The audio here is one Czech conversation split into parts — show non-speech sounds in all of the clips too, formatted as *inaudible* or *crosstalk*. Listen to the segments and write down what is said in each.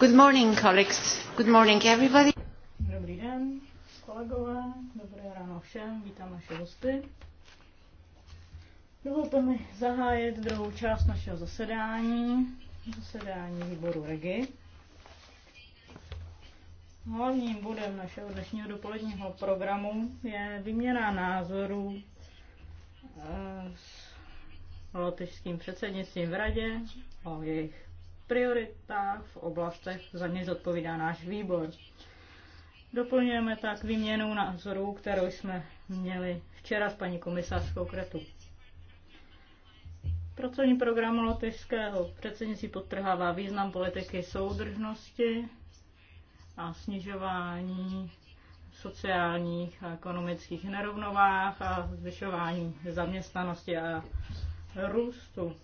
Good morning, colleagues. Good morning, everybody. Dobrý den, kolegové. Dobré ráno všem. Vítám naše hosty. Dovolte mi zahájit druhou část našeho zasedání, zasedání výboru REGI. Hlavním bodem našeho dnešního dopoledního programu je výměna názorů eh, s lotyšským předsednictvím v radě o jejich prioritách v oblastech, za něž odpovídá náš výbor. Doplňujeme tak výměnu názorů, kterou jsme měli včera s paní komisářskou Kretu. Pracovní program lotyšského předsednictví podtrhává význam politiky soudržnosti a snižování sociálních a ekonomických nerovnovách a zvyšování zaměstnanosti a růstu.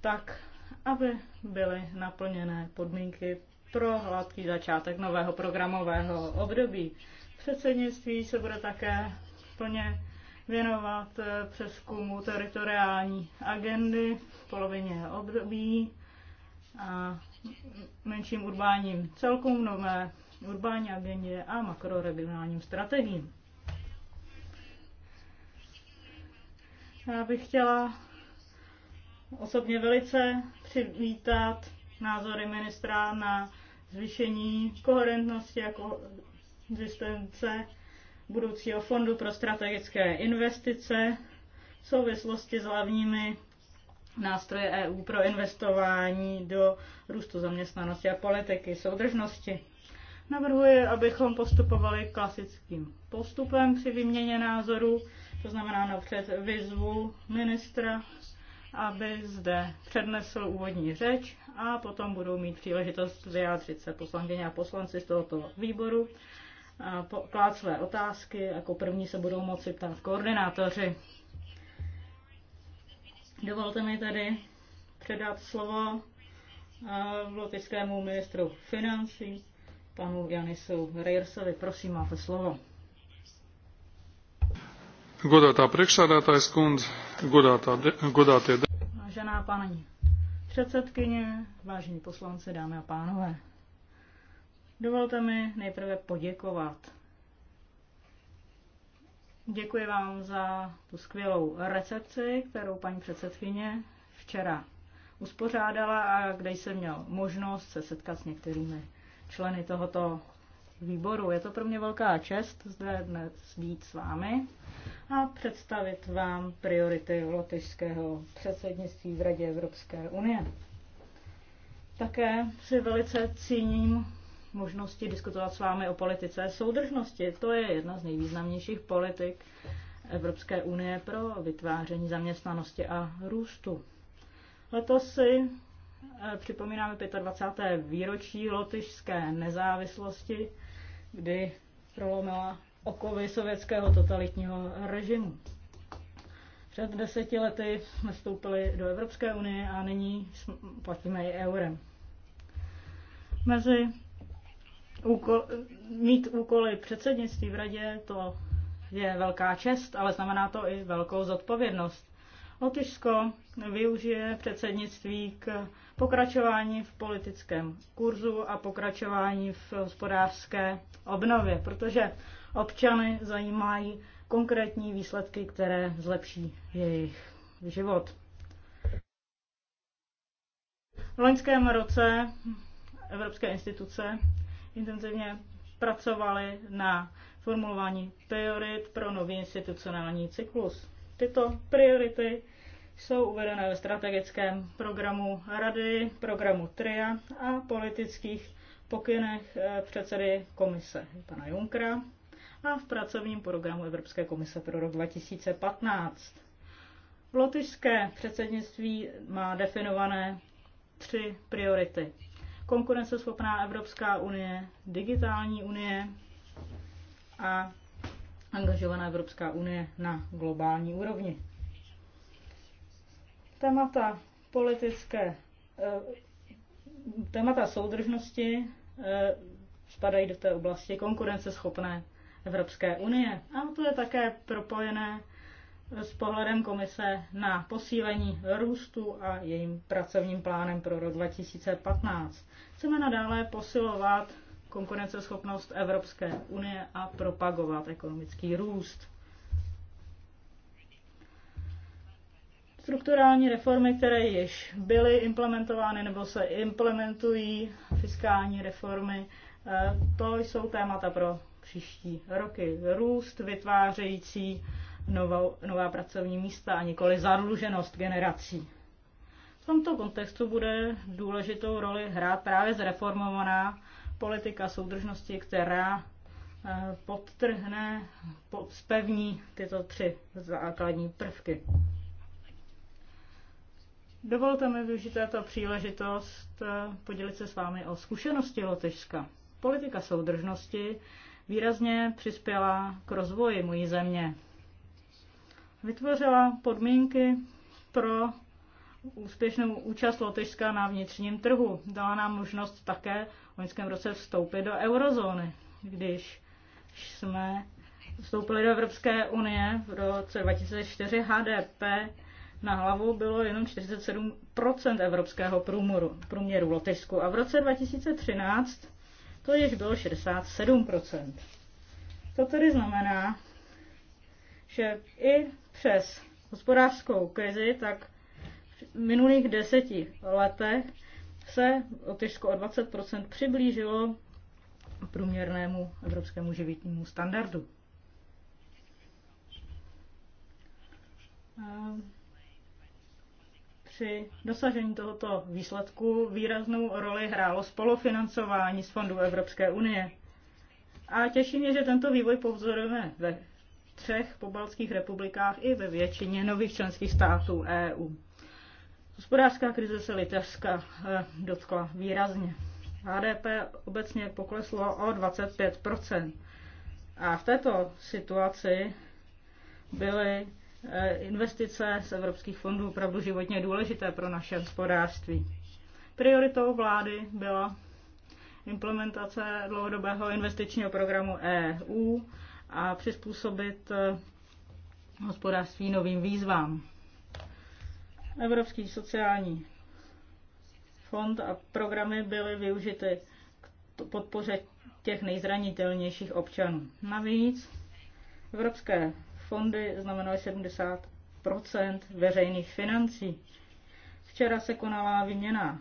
Tak aby byly naplněné podmínky pro hladký začátek nového programového období. Předsednictví se bude také plně věnovat eh, přeskumu teritoriální agendy v polovině období a menším urbáním celkům, nové urbání agendě a makroregionálním strategiím. Já bych chtěla osobně velice přivítat názory ministra na zvýšení koherentnosti a existence budoucího fondu pro strategické investice v souvislosti s hlavními nástroje EU pro investování do růstu zaměstnanosti a politiky soudržnosti. Navrhuji, abychom postupovali klasickým postupem při výměně názorů, to znamená napřed vyzvu ministra aby zde přednesl úvodní řeč a potom budou mít příležitost vyjádřit se poslankyně a poslanci z tohoto výboru, a klát své otázky. Jako první se budou moci ptát koordinátoři. Dovolte mi tedy předat slovo eh, lotickému ministru financí, panu Janisu Reirsovi. Prosím, máte slovo. Godātā priekšsādātājs kundze, godātā, godātie. Vážená paní předsedkyně, vážení poslanci, dámy a pánové. Dovolte mi nejprve poděkovat. Děkuji vám za tu skvělou recepci, kterou paní předsedkyně včera uspořádala a kde jsem měl možnost se setkat s některými členy tohoto výboru. Je to pro mě velká čest zde dnes být s vámi a představit vám priority lotyšského předsednictví v Radě Evropské unie. Také si velice cíním možnosti diskutovat s vámi o politice soudržnosti. To je jedna z nejvýznamnějších politik Evropské unie pro vytváření zaměstnanosti a růstu. Letos si eh, připomínáme 25. výročí lotyšské nezávislosti kdy prolomila okovy sovětského totalitního režimu. Před deseti lety jsme vstoupili do Evropské unie a nyní platíme i eurem. Mezi úkol, mít úkoly předsednictví v radě to je velká čest, ale znamená to i velkou zodpovědnost. Lotyšsko využije předsednictví k pokračování v politickém kurzu a pokračování v hospodářské obnově, protože občany zajímají konkrétní výsledky, které zlepší jejich život. V loňském roce evropské instituce intenzivně pracovaly na formulování priorit pro nový institucionální cyklus. Tyto priority jsou uvedené ve strategickém programu Rady, programu TRIA a politických pokynech eh, předsedy komise pana Junkra a v pracovním programu Evropské komise pro rok 2015. Lotyšské předsednictví má definované tři priority. Konkurenceschopná Evropská unie, digitální unie a angažovaná Evropská unie na globální úrovni. Témata politické, eh, témata soudržnosti eh, spadají do té oblasti konkurenceschopné Evropské unie. A to je také propojené s pohledem komise na posílení růstu a jejím pracovním plánem pro rok 2015. Chceme nadále posilovat konkurenceschopnost Evropské unie a propagovat ekonomický růst. Strukturální reformy, které již byly implementovány nebo se implementují, fiskální reformy, eh, to jsou témata pro příští roky. Růst vytvářející novou, nová pracovní místa a nikoli zadluženost generací. V tomto kontextu bude důležitou roli hrát právě zreformovaná politika soudržnosti, která eh, podtrhne, spevní tyto tři základní prvky. Dovolte mi využít této příležitost eh, podělit se s vámi o zkušenosti Lotyšska. Politika soudržnosti výrazně přispěla k rozvoji mojí země. Vytvořila podmínky pro úspěšnou účast Lotyšska na vnitřním trhu. Dala nám možnost také loňském roce vstoupit do eurozóny, když jsme vstoupili do Evropské unie v roce 2004 HDP na hlavu bylo jenom 47% evropského průměru, průměru Lotyšsku a v roce 2013 to již bylo 67%. To tedy znamená, že i přes hospodářskou krizi, tak v minulých deseti letech se Lotyšsko o 20% přiblížilo průměrnému evropskému životnímu standardu. Při dosažení tohoto výsledku výraznou roli hrálo spolufinancování z fondů Evropské unie. A těší mě, že tento vývoj povzorujeme ve třech pobaltských republikách i ve většině nových členských států EU. Hospodářská krize se Litevska eh, dotkla výrazně. HDP obecně pokleslo o 25 A v této situaci byly eh, investice z evropských fondů opravdu životně důležité pro naše hospodářství. Prioritou vlády byla implementace dlouhodobého investičního programu EU a přizpůsobit eh, hospodářství novým výzvám. Evropský sociální fond a programy byly využity k podpoře těch nejzranitelnějších občanů. Navíc evropské fondy znamenaly 70 veřejných financí. Včera se konala výměna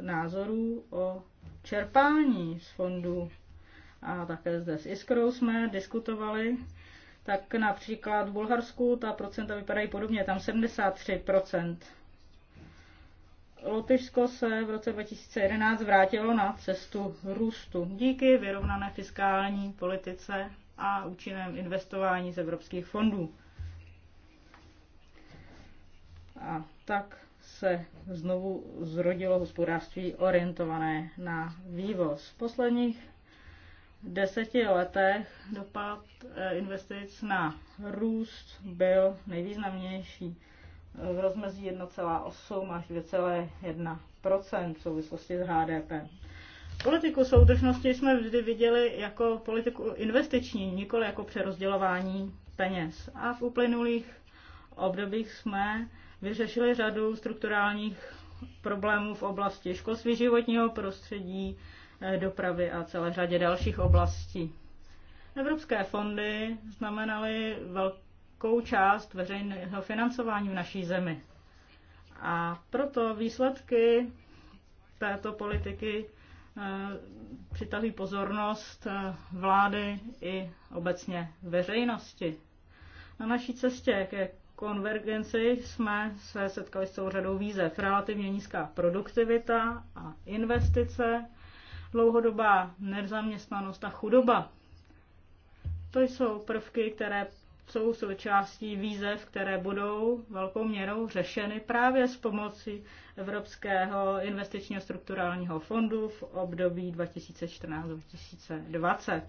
názorů o čerpání z fondů a také zde s Iskrou jsme diskutovali tak například v Bulharsku ta procenta vypadají podobně, tam 73%. Lotyšsko se v roce 2011 vrátilo na cestu růstu díky vyrovnané fiskální politice a účinném investování z evropských fondů. A tak se znovu zrodilo hospodářství orientované na vývoz. V posledních deseti letech dopad eh, investic na růst byl nejvýznamnější eh, v rozmezí 1,8 až 2,1 v souvislosti s HDP. Politiku soudržnosti jsme vždy viděli jako politiku investiční, nikoli jako přerozdělování peněz. A v uplynulých obdobích jsme vyřešili řadu strukturálních problémů v oblasti školství životního prostředí, dopravy a celé řadě dalších oblastí. Evropské fondy znamenaly velkou část veřejného financování v naší zemi. A proto výsledky této politiky eh, přitahují pozornost eh, vlády i obecně veřejnosti. Na naší cestě ke konvergenci jsme se setkali s celou řadou výzev. Relativně nízká produktivita a investice, dlouhodobá nezaměstnanost a chudoba. To jsou prvky, které jsou součástí výzev, které budou velkou měrou řešeny právě s pomocí Evropského investičního strukturálního fondu v období 2014-2020.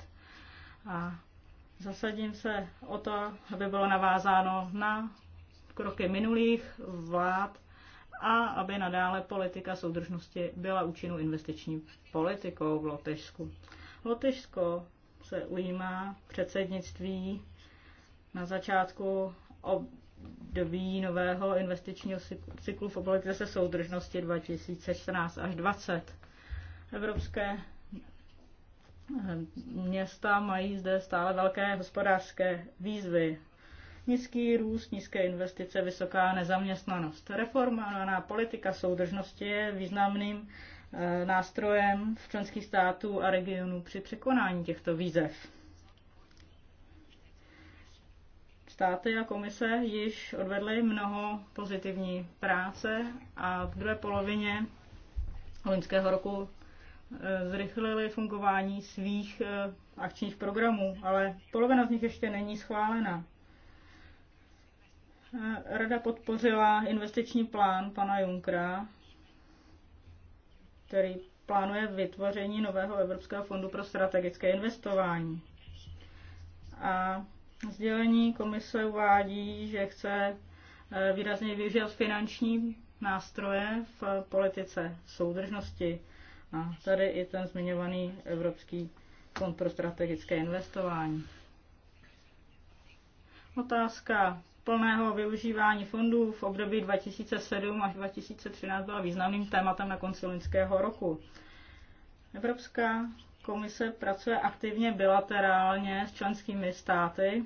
A zasadím se o to, aby bylo navázáno na kroky minulých vlád a aby nadále politika soudržnosti byla účinnou investiční politikou v Lotyšsku. Lotyšsko se ujímá předsednictví na začátku období nového investičního cyklu v politice soudržnosti 2014 až 2020. Evropské města mají zde stále velké hospodářské výzvy. Nízký růst, nízké investice, vysoká nezaměstnanost. Reformovaná politika soudržnosti je významným eh, nástrojem v členských států a regionů při překonání těchto výzev. Státy a komise již odvedly mnoho pozitivní práce a v druhé polovině loňského roku eh, zrychlili fungování svých eh, akčních programů, ale polovina z nich ještě není schválena. Eh, Rada podpořila investiční plán pana Junkra, který plánuje vytvoření nového Evropského fondu pro strategické investování. A sdělení komise uvádí, že chce eh, výrazně využít finanční nástroje v politice soudržnosti. A tady i ten zmiňovaný Evropský fond pro strategické investování. Otázka plného využívání fondů v období 2007 až 2013 byla významným tématem na konci loňského roku. Evropská komise pracuje aktivně bilaterálně s členskými státy,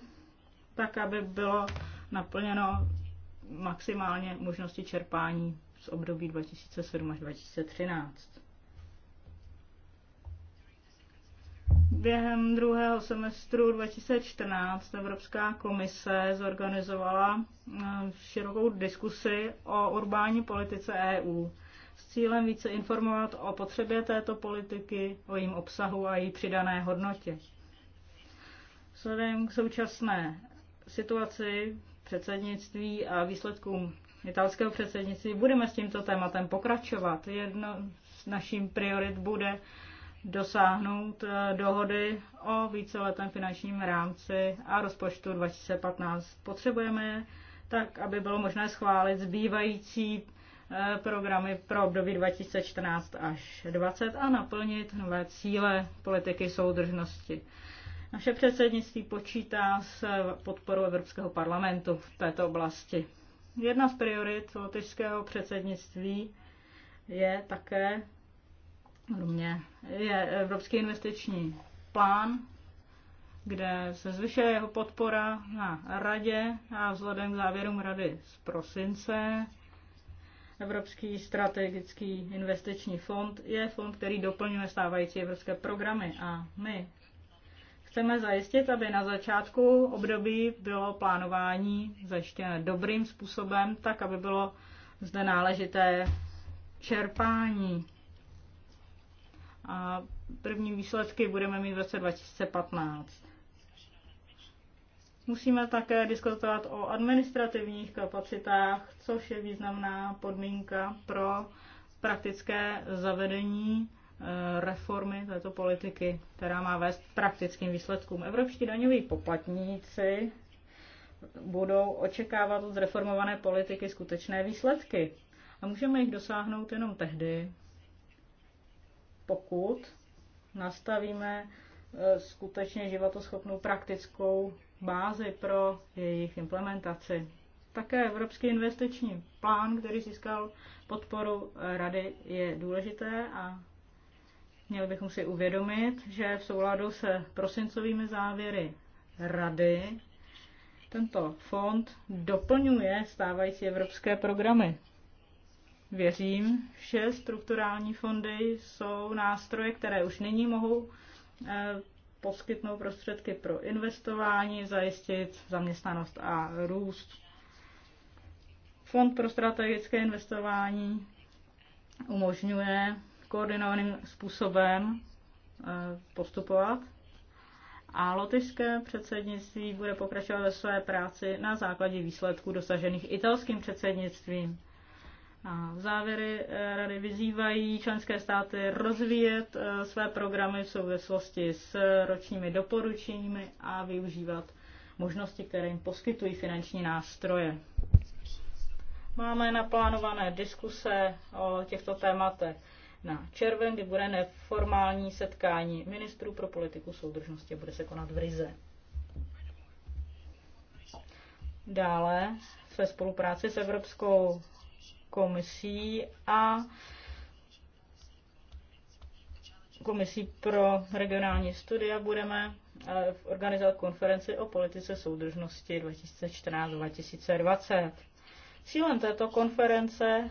tak aby bylo naplněno maximálně možnosti čerpání z období 2007 až 2013. Během druhého semestru 2014 Evropská komise zorganizovala eh, širokou diskusi o urbání politice EU s cílem více informovat o potřebě této politiky, o jejím obsahu a její přidané hodnotě. Vzhledem k současné situaci předsednictví a výsledkům italského předsednictví budeme s tímto tématem pokračovat. Jedno z naším priorit bude dosáhnout eh, dohody o víceletém finančním rámci a rozpočtu 2015. Potřebujeme je tak, aby bylo možné schválit zbývající eh, programy pro období 2014 až 2020 a naplnit nové cíle politiky soudržnosti. Naše předsednictví počítá s podporou Evropského parlamentu v této oblasti. Jedna z priorit lotyšského předsednictví je také Rumě je Evropský investiční plán, kde se zvyšuje jeho podpora na radě a vzhledem k závěrům rady z prosince Evropský strategický investiční fond je fond, který doplňuje stávající evropské programy a my chceme zajistit, aby na začátku období bylo plánování zajištěné dobrým způsobem, tak aby bylo zde náležité čerpání a první výsledky budeme mít v roce 2015. Musíme také diskutovat o administrativních kapacitách, což je významná podmínka pro praktické zavedení eh, reformy této politiky, která má vést praktickým výsledkům. Evropští daňoví poplatníci budou očekávat od zreformované politiky skutečné výsledky. A můžeme jich dosáhnout jenom tehdy, pokud nastavíme e, skutečně životoschopnou praktickou bázi pro jejich implementaci. Také Evropský investiční plán, který získal podporu Rady, je důležité a měli bychom si uvědomit, že v souladu se prosincovými závěry Rady tento fond doplňuje stávající evropské programy. Věřím, že strukturální fondy jsou nástroje, které už nyní mohou eh, poskytnout prostředky pro investování, zajistit zaměstnanost a růst. Fond pro strategické investování umožňuje koordinovaným způsobem eh, postupovat a lotyšské předsednictví bude pokračovat ve své práci na základě výsledků dosažených italským předsednictvím. A závěry eh, rady vyzývají členské státy rozvíjet eh, své programy v souvislosti s ročními doporučeními a využívat možnosti, které jim poskytují finanční nástroje. Máme naplánované diskuse o těchto tématech na červen, kdy bude neformální setkání ministrů pro politiku soudržnosti a bude se konat v Rize. Dále ve spolupráci s Evropskou komisí a komisí pro regionální studia budeme eh, organizovat konferenci o politice soudržnosti 2014-2020. Cílem této konference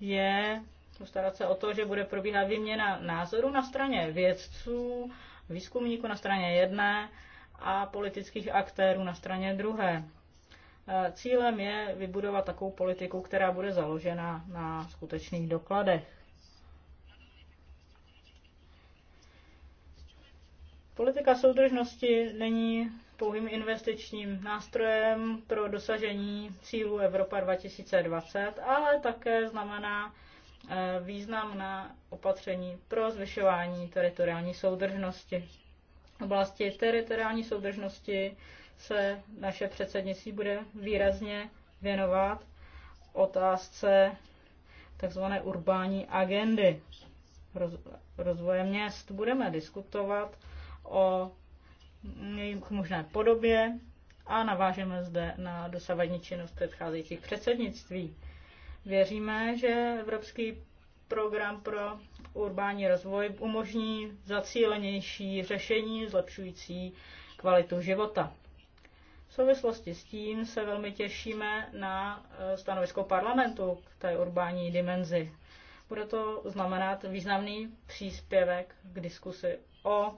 je postarat se o to, že bude probíhat výměna názorů na straně vědců, výzkumníků na straně jedné a politických aktérů na straně druhé. Eh, cílem je vybudovat takovou politiku, která bude založena na skutečných dokladech. Politika soudržnosti není pouhým investičním nástrojem pro dosažení cílů Evropa 2020, ale také znamená eh, významná opatření pro zvyšování teritoriální soudržnosti. V oblasti teritoriální soudržnosti se naše předsednictví bude výrazně věnovat otázce takzvané urbání agendy rozvoje měst. Budeme diskutovat o jejich možné podobě a navážeme zde na dosavadní činnost předcházejících předsednictví. Věříme, že Evropský program pro urbání rozvoj umožní zacílenější řešení zlepšující kvalitu života souvislosti s tím se velmi těšíme na e, stanovisko parlamentu k té urbání dimenzi. Bude to znamenat významný příspěvek k diskusi o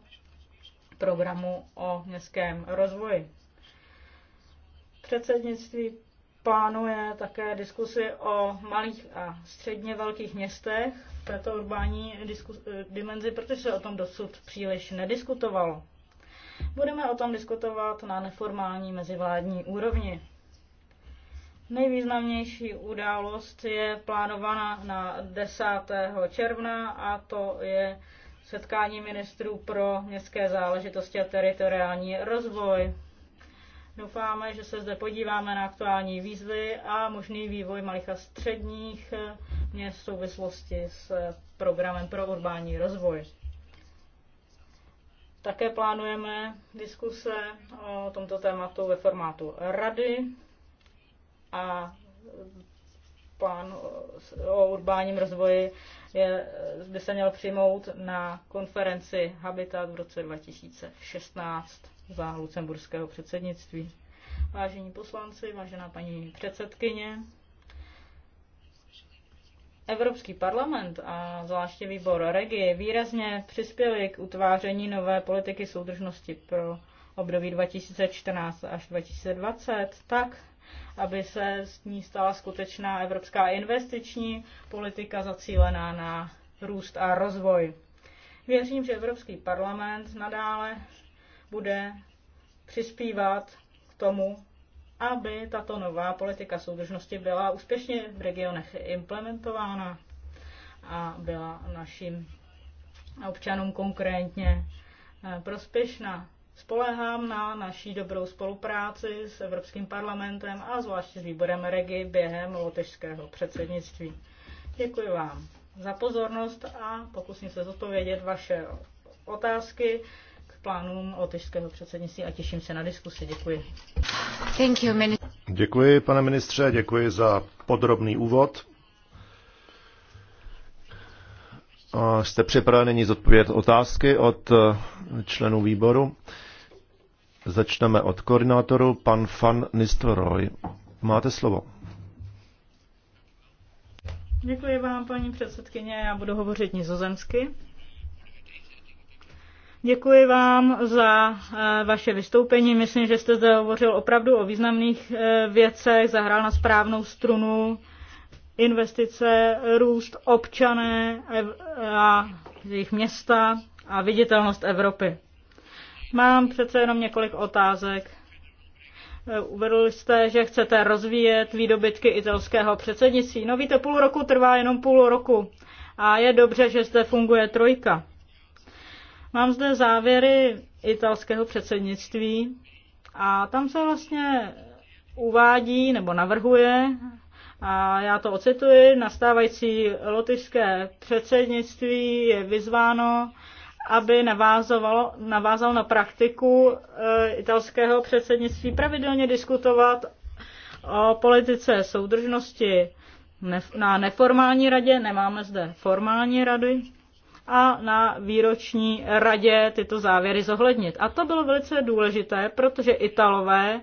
programu o městském rozvoji. Předsednictví plánuje také diskusy o malých a středně velkých městech v této urbání diskus- e, dimenzi, protože se o tom dosud příliš nediskutovalo. Budeme o tom diskutovat na neformální mezivládní úrovni. Nejvýznamnější událost je plánovaná na 10. června a to je setkání ministrů pro městské záležitosti a teritoriální rozvoj. Doufáme, že se zde podíváme na aktuální výzvy a možný vývoj malých a středních měst v souvislosti s programem pro urbání rozvoj. Také plánujeme diskuse o tomto tématu ve formátu rady a plán o urbáním rozvoji je, by se měl přijmout na konferenci Habitat v roce 2016 za lucemburského předsednictví. Vážení poslanci, vážená paní předsedkyně, Evropský parlament a zvláště výbor Regi výrazně přispěli k utváření nové politiky soudržnosti pro období 2014 až 2020 tak, aby se z ní stala skutečná evropská investiční politika zacílená na růst a rozvoj. Věřím, že Evropský parlament nadále bude přispívat k tomu, aby tato nová politika soudržnosti byla úspěšně v regionech implementována a byla našim občanům konkrétně eh, prospěšná. Spolehám na naší dobrou spolupráci s Evropským parlamentem a zvláště s výborem Regi během lotyšského předsednictví. Děkuji vám za pozornost a pokusím se zodpovědět vaše otázky plánům lotyšského předsednictví a těším se na diskusi. Děkuji. Thank you, děkuji, pane ministře, děkuji za podrobný úvod. jste připraveni nyní zodpovědět otázky od eh, členů výboru. Začneme od koordinátoru, pan Fan Nistoroj. Máte slovo. Děkuji vám, paní předsedkyně. Já budu hovořit nizozemsky. Děkuji vám za eh, vaše vystoupení. Myslím, že jste zde hovořil opravdu o významných eh, věcech, zahrál na správnou strunu investice, růst občané a jejich města a viditelnost Evropy. Mám přece jenom několik otázek. Eh, uvedl jste, že chcete rozvíjet výdobytky italského předsednictví. No víte, půl roku trvá jenom půl roku. A je dobře, že zde funguje trojka. Mám zde závěry italského předsednictví a tam se vlastně uvádí nebo navrhuje, a já to ocituji, nastávající lotyšské předsednictví je vyzváno, aby navázal na praktiku e, italského předsednictví pravidelně diskutovat o politice soudržnosti na neformální radě, nemáme zde formální rady, a na výroční radě tyto závěry zohlednit. A to bylo velice důležité, protože Italové,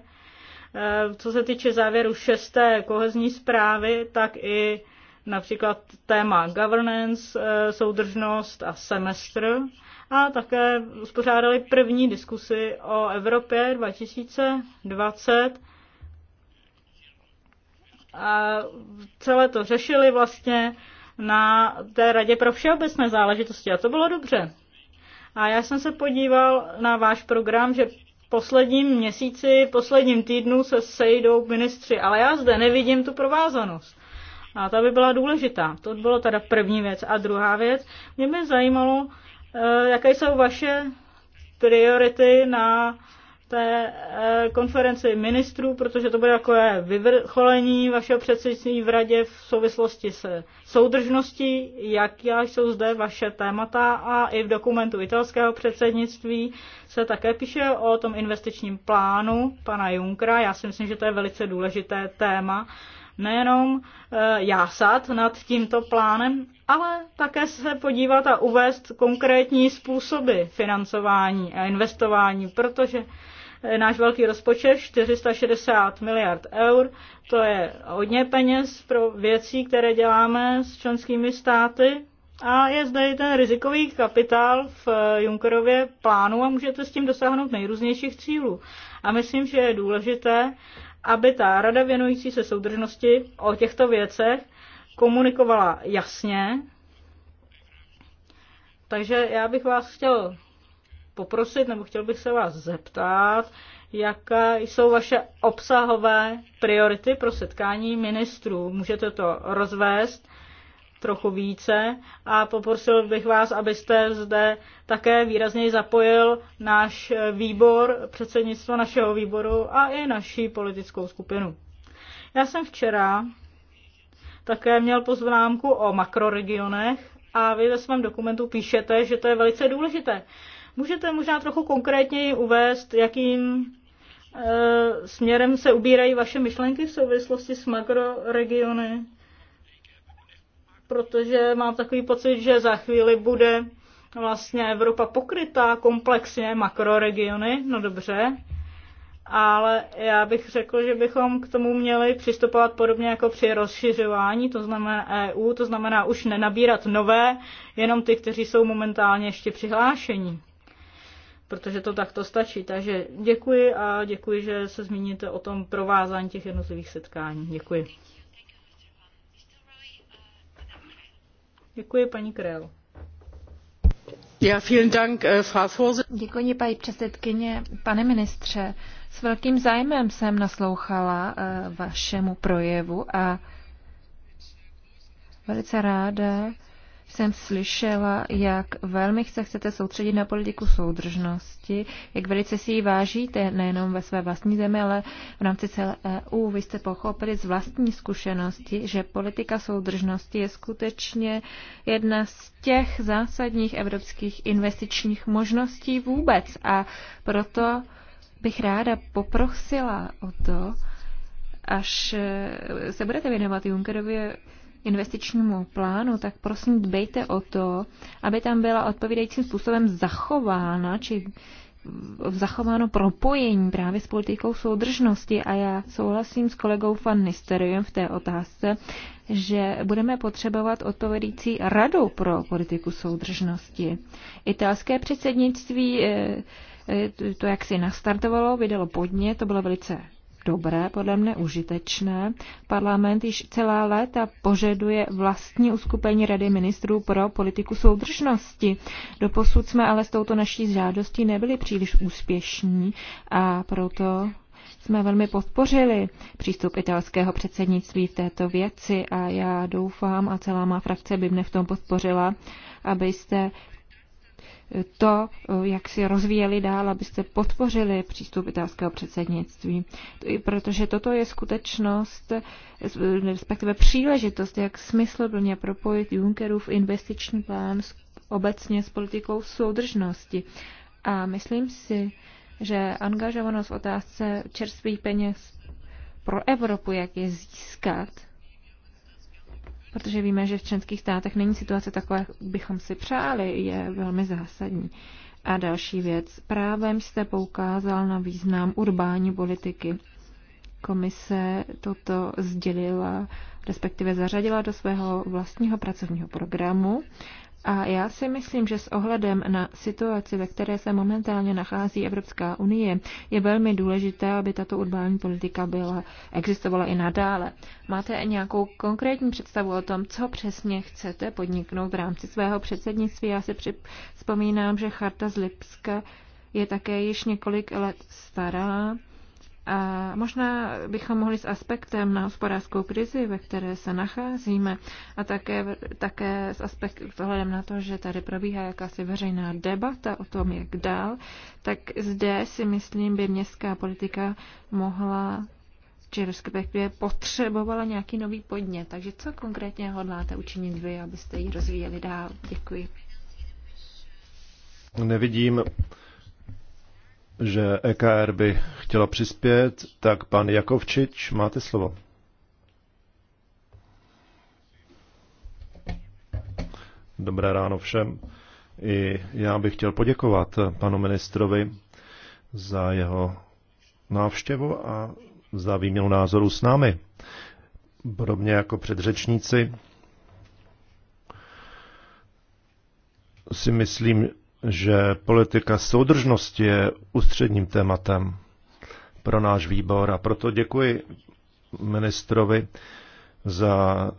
eh, co se týče závěru šesté kohezní zprávy, tak i například téma governance, eh, soudržnost a semestr. A také uspořádali první diskusy o Evropě 2020. A celé to řešili vlastně na té radě pro všeobecné záležitosti a to bylo dobře. A já jsem se podíval na váš program, že posledním měsíci, posledním týdnu se sejdou ministři, ale já zde nevidím tu provázanost. A ta by byla důležitá. To bylo teda první věc. A druhá věc, mě by zajímalo, eh, jaké jsou vaše priority na té eh, konferenci ministrů, protože to bude je vyvrcholení vašeho předsednictví v radě v souvislosti se soudržností, jak jsou zde vaše témata a i v dokumentu italského předsednictví se také píše o tom investičním plánu pana Junkra. Já si myslím, že to je velice důležité téma. Nejenom eh, jásat nad tímto plánem, ale také se podívat a uvést konkrétní způsoby financování a investování, protože náš velký rozpočet 460 miliard eur. To je hodně peněz pro věcí, které děláme s členskými státy. A je zde i ten rizikový kapitál v eh, Junkerově plánu a můžete s tím dosáhnout nejrůznějších cílů. A myslím, že je důležité, aby ta rada věnující se soudržnosti o těchto věcech komunikovala jasně. Takže já bych vás chtěl poprosit, nebo chtěl bych se vás zeptat, jaké jsou vaše obsahové priority pro setkání ministrů. Můžete to rozvést trochu více a poprosil bych vás, abyste zde také výrazně zapojil náš výbor, předsednictvo našeho výboru a i naší politickou skupinu. Já jsem včera také měl pozvánku o makroregionech a vy ve svém dokumentu píšete, že to je velice důležité. Můžete možná trochu konkrétněji uvést, jakým e, směrem se ubírají vaše myšlenky v souvislosti s makroregiony? Protože mám takový pocit, že za chvíli bude vlastně Evropa pokrytá komplexně makroregiony, no dobře, ale já bych řekl, že bychom k tomu měli přistupovat podobně jako při rozšiřování, to znamená EU, to znamená už nenabírat nové, jenom ty, kteří jsou momentálně ještě přihlášení protože to takto stačí. Takže děkuji a děkuji, že se zmíníte o tom provázání těch jednotlivých setkání. Děkuji. Děkuji, paní Krel. Ja, vielen Dank, äh, Frau Děkuji, paní předsedkyně. Pane ministře, s velkým zájmem jsem naslouchala äh, vašemu projevu a velice ráda jsem slyšela, jak velmi se chcete soustředit na politiku soudržnosti, jak velice si ji vážíte nejenom ve své vlastní zemi, ale v rámci celé EU. Vy jste pochopili z vlastní zkušenosti, že politika soudržnosti je skutečně jedna z těch zásadních evropských investičních možností vůbec. A proto bych ráda poprosila o to, až se budete věnovat Junckerově investičnímu plánu, tak prosím dbejte o to, aby tam byla odpovídajícím způsobem zachována či zachováno propojení právě s politikou soudržnosti a já souhlasím s kolegou van Nisteriem v té otázce, že budeme potřebovat odpovědící radu pro politiku soudržnosti. Italské předsednictví eh, eh, to, jak si nastartovalo, vydalo podně, to bylo velice dobré, podle mne užitečné. Parlament již celá léta požaduje vlastní uskupení Rady ministrů pro politiku soudržnosti. Doposud jsme ale s touto naší žádostí nebyli příliš úspěšní a proto jsme velmi podpořili přístup italského předsednictví v této věci a já doufám a celá má frakce by mne v tom podpořila, abyste to, jak si rozvíjeli dál, abyste podpořili přístup italského předsednictví. Protože toto je skutečnost, respektive příležitost, jak smysluplně propojit Junckerův investiční plán s, obecně s politikou soudržnosti. A myslím si, že angažovanost v otázce čerstvých peněz pro Evropu, jak je získat, protože víme, že v členských státech není situace taková, jak bychom si přáli, je velmi zásadní. A další věc. Právem jste poukázal na význam urbání politiky. Komise toto sdělila, respektive zařadila do svého vlastního pracovního programu a já si myslím, že s ohledem na situaci, ve které se momentálně nachází Evropská unie, je velmi důležité, aby tato urbální politika byla, existovala i nadále. Máte nějakou konkrétní představu o tom, co přesně chcete podniknout v rámci svého předsednictví? Já si připomínám, že Charta z Lipska je také již několik let stará a možná bychom mohli s aspektem na hospodářskou krizi, ve které se nacházíme, a také, také s aspektem ohledem na to, že tady probíhá jakási veřejná debata o tom, jak dál, tak zde si myslím, by městská politika mohla či respektive potřebovala nějaký nový podnět. Takže co konkrétně hodláte učinit vy, abyste ji rozvíjeli dál? Děkuji. Nevidím že EKR by chtěla přispět, tak pan Jakovčič, máte slovo. Dobré ráno všem. I já bych chtěl poděkovat panu ministrovi za jeho návštěvu a za výměnu názorů s námi. Podobně jako předřečníci si myslím, že politika soudržnosti je ústředním tématem pro náš výbor a proto děkuji ministrovi za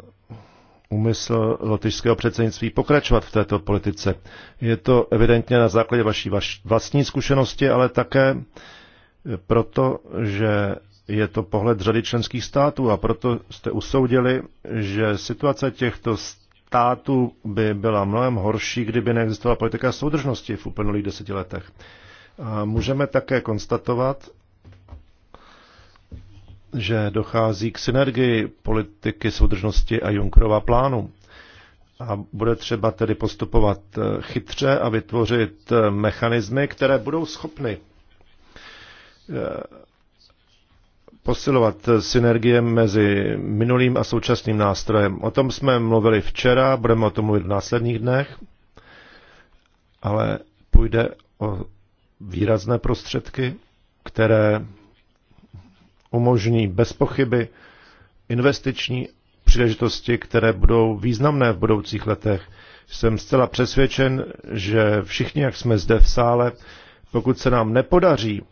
úmysl lotyšského předsednictví pokračovat v této politice. Je to evidentně na základě vaší vlastní zkušenosti, ale také proto, že je to pohled řady členských států a proto jste usoudili, že situace těchto států by byla mnohem horší, kdyby neexistovala politika soudržnosti v uplynulých deseti letech. A můžeme také konstatovat, že dochází k synergii politiky soudržnosti a Junkerova plánu. A bude třeba tedy postupovat eh, chytře a vytvořit eh, mechanismy, které budou schopny eh, posilovat synergie mezi minulým a současným nástrojem. O tom jsme mluvili včera, budeme o tom mluvit v následních dnech, ale půjde o výrazné prostředky, které umožní bez pochyby investiční příležitosti, které budou významné v budoucích letech. Jsem zcela přesvědčen, že všichni, jak jsme zde v sále, pokud se nám nepodaří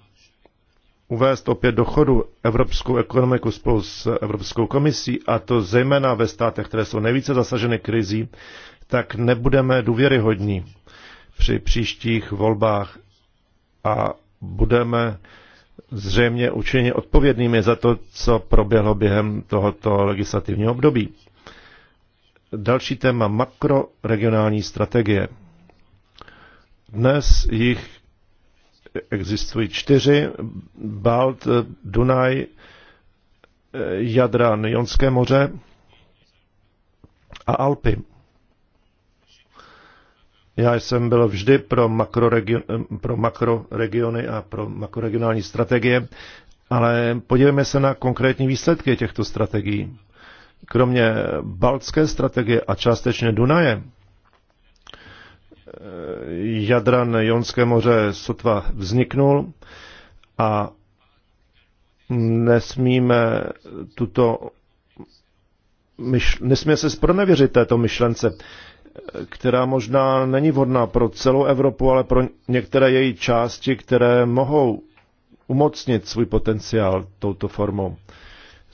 uvést opět do chodu evropskou ekonomiku spolu s Evropskou komisí, a to zejména ve státech, které jsou nejvíce zasaženy krizí, tak nebudeme důvěryhodní při příštích volbách a budeme zřejmě učiněni odpovědnými za to, co proběhlo během tohoto legislativního období. Další téma makroregionální strategie. Dnes jich existují čtyři, Balt, Dunaj, Jadran, Jonské moře a Alpy. Já jsem byl vždy pro, makroregion, pro makroregiony a pro makroregionální strategie, ale podívejme se na konkrétní výsledky těchto strategií. Kromě Baltské strategie a částečně Dunaje, jadran Jonské moře sotva vzniknul a nesmíme tuto myšl, nesmíme se spronevěřit této myšlence, která možná není vhodná pro celou Evropu, ale pro některé její části, které mohou umocnit svůj potenciál touto formou.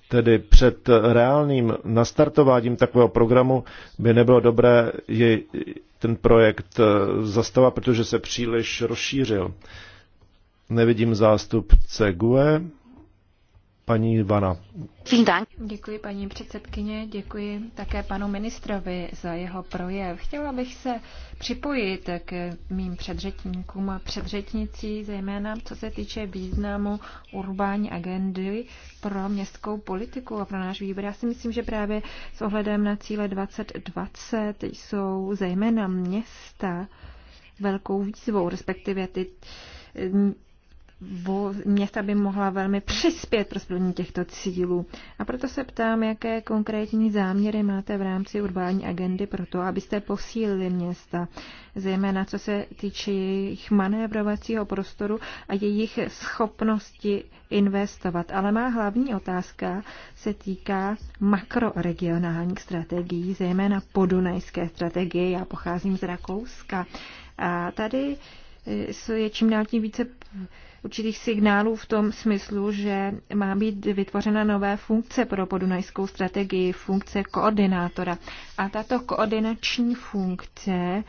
Tedy před reálným nastartováním takového programu by nebylo dobré jej ten projekt eh, zastava, protože se příliš rozšířil. Nevidím zástupce GUE, paní Ivana. Děkuji paní předsedkyně, děkuji také panu ministrovi za jeho projev. Chtěla bych se připojit k mým předřetníkům a předřetnicí, zejména co se týče významu urbání agendy pro městskou politiku a pro náš výbor. Já si myslím, že právě s ohledem na cíle 2020 jsou zejména města velkou výzvou, respektive ty města by mohla velmi přispět pro splnění těchto cílů. A proto se ptám, jaké konkrétní záměry máte v rámci urbání agendy pro to, abyste posílili města, zejména co se týče jejich manévrovacího prostoru a jejich schopnosti investovat. Ale má hlavní otázka se týká makroregionálních strategií, zejména podunajské strategie. Já pocházím z Rakouska. A tady eh, je čím dál tím více určitých signálů v tom smyslu, že má být vytvořena nové funkce pro podunajskou strategii, funkce koordinátora. A tato koordinační funkce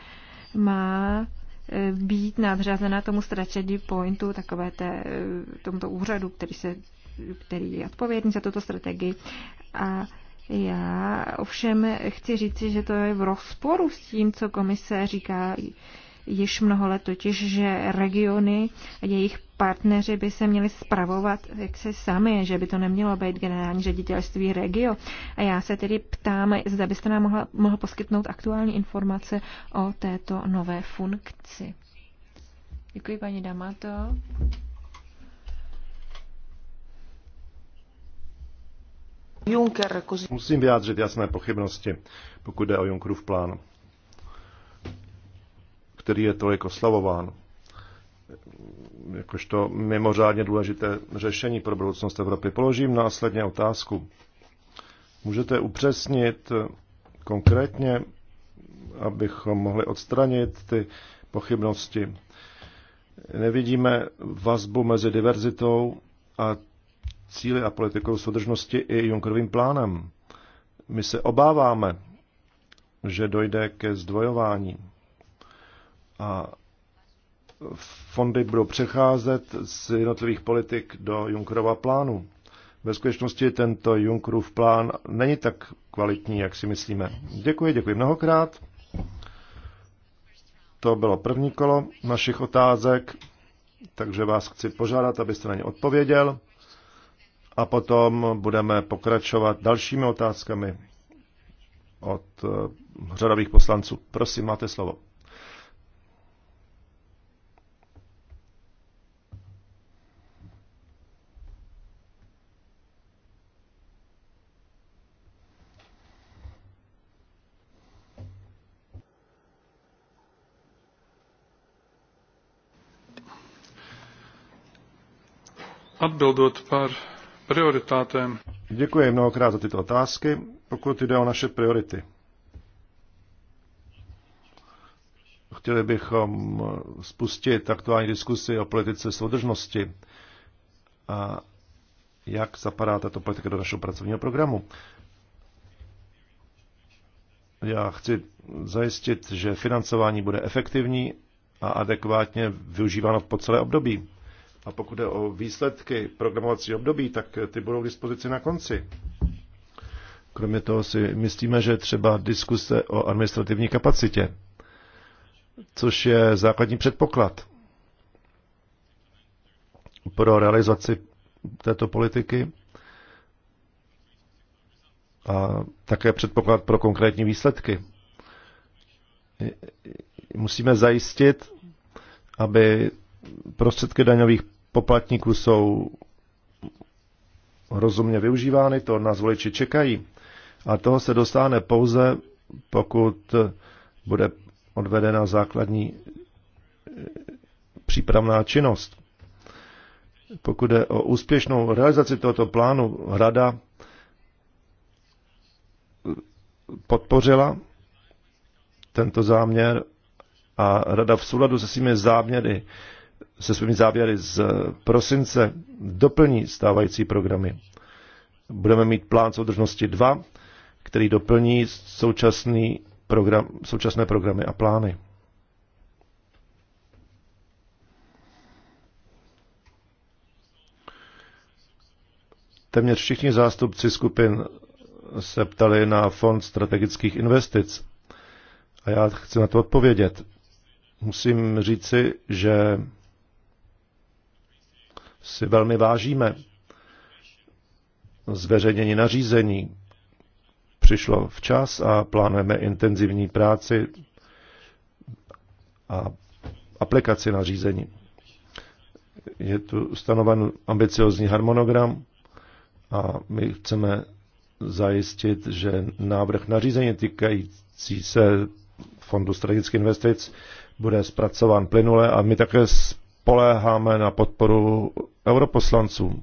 má e, být nadřazena tomu strategy pointu, takové té, e, tomuto úřadu, který, se, který je odpovědný za tuto strategii. A já ovšem chci říci, že to je v rozporu s tím, co komise říká již mnoho let, totiž, že regiony a jejich partneři by se měli spravovat jak se sami, že by to nemělo být generální ředitelství regio. A já se tedy ptám, zda byste nám mohla, mohl poskytnout aktuální informace o této nové funkci. Děkuji, paní Damato. Jako Musím vyjádřit jasné pochybnosti, pokud jde o Junckerův plán který je tolik oslavován jakožto mimořádně důležité řešení pro budoucnost Evropy. Položím následně otázku. Můžete upřesnit konkrétně, abychom mohli odstranit ty pochybnosti. Nevidíme vazbu mezi diverzitou a cíly a politikou soudržnosti i Junkerovým plánem. My se obáváme, že dojde ke zdvojování a fondy budou přecházet z jednotlivých politik do Junkerova plánu. Ve skutečnosti tento Junkerův plán není tak kvalitní, jak si myslíme. Děkuji, děkuji mnohokrát. To bylo první kolo našich otázek, takže vás chci požádat, abyste na ně odpověděl a potom budeme pokračovat dalšími otázkami od eh, řadových poslanců. Prosím, máte slovo. Atbildot par prioritātēm. Děkuji mnohokrát za tyto otázky, pokud jde o naše priority. Chtěli bychom spustit aktuální diskusi o politice soudržnosti a jak zapadá tato politika do našeho pracovního programu. Já chci zajistit, že financování bude efektivní a adekvátně využíváno po celé období. A pokud jde o výsledky programovací období, tak ty budou k dispozici na konci. Kromě toho si myslíme, že třeba diskuse o administrativní kapacitě, což je základní předpoklad pro realizaci této politiky a také předpoklad pro konkrétní výsledky. Musíme zajistit, aby prostředky daňových poplatníků jsou rozumně využívány, to nás voliči čekají. A toho se dostane pouze, pokud bude odvedena základní eh, přípravná činnost. Pokud je o úspěšnou realizaci tohoto plánu, Rada eh, podpořila tento záměr a Rada v souladu se svými záměry se svými závěry z prosince doplní stávající programy. Budeme mít plán soudržnosti 2, který doplní současný program, současné programy a plány. Téměř všichni zástupci skupin se ptali na Fond strategických investic. A já chci na to odpovědět. Musím říci, že si velmi vážíme. Zveřejnění nařízení přišlo včas a plánujeme intenzivní práci a aplikaci nařízení. Je tu stanoven ambiciozní harmonogram a my chceme zajistit, že návrh nařízení týkající se Fondu strategických investic bude zpracován plynule a my také spoléháme na podporu europoslanců,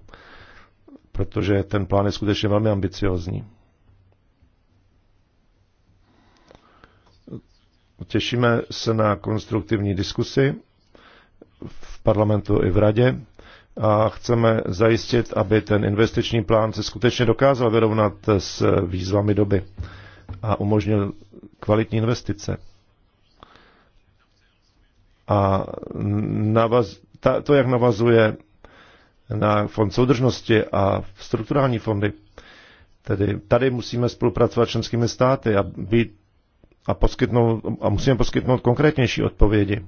protože ten plán je skutečně velmi ambiciozní. Těšíme se na konstruktivní diskusy v parlamentu i v radě a chceme zajistit, aby ten investiční plán se skutečně dokázal vyrovnat s výzvami doby a umožnil kvalitní investice a navaz, ta, to, jak navazuje na fond soudržnosti a strukturální fondy. Tedy tady musíme spolupracovat s členskými státy a, být, a, poskytnout, a musíme poskytnout konkrétnější odpovědi.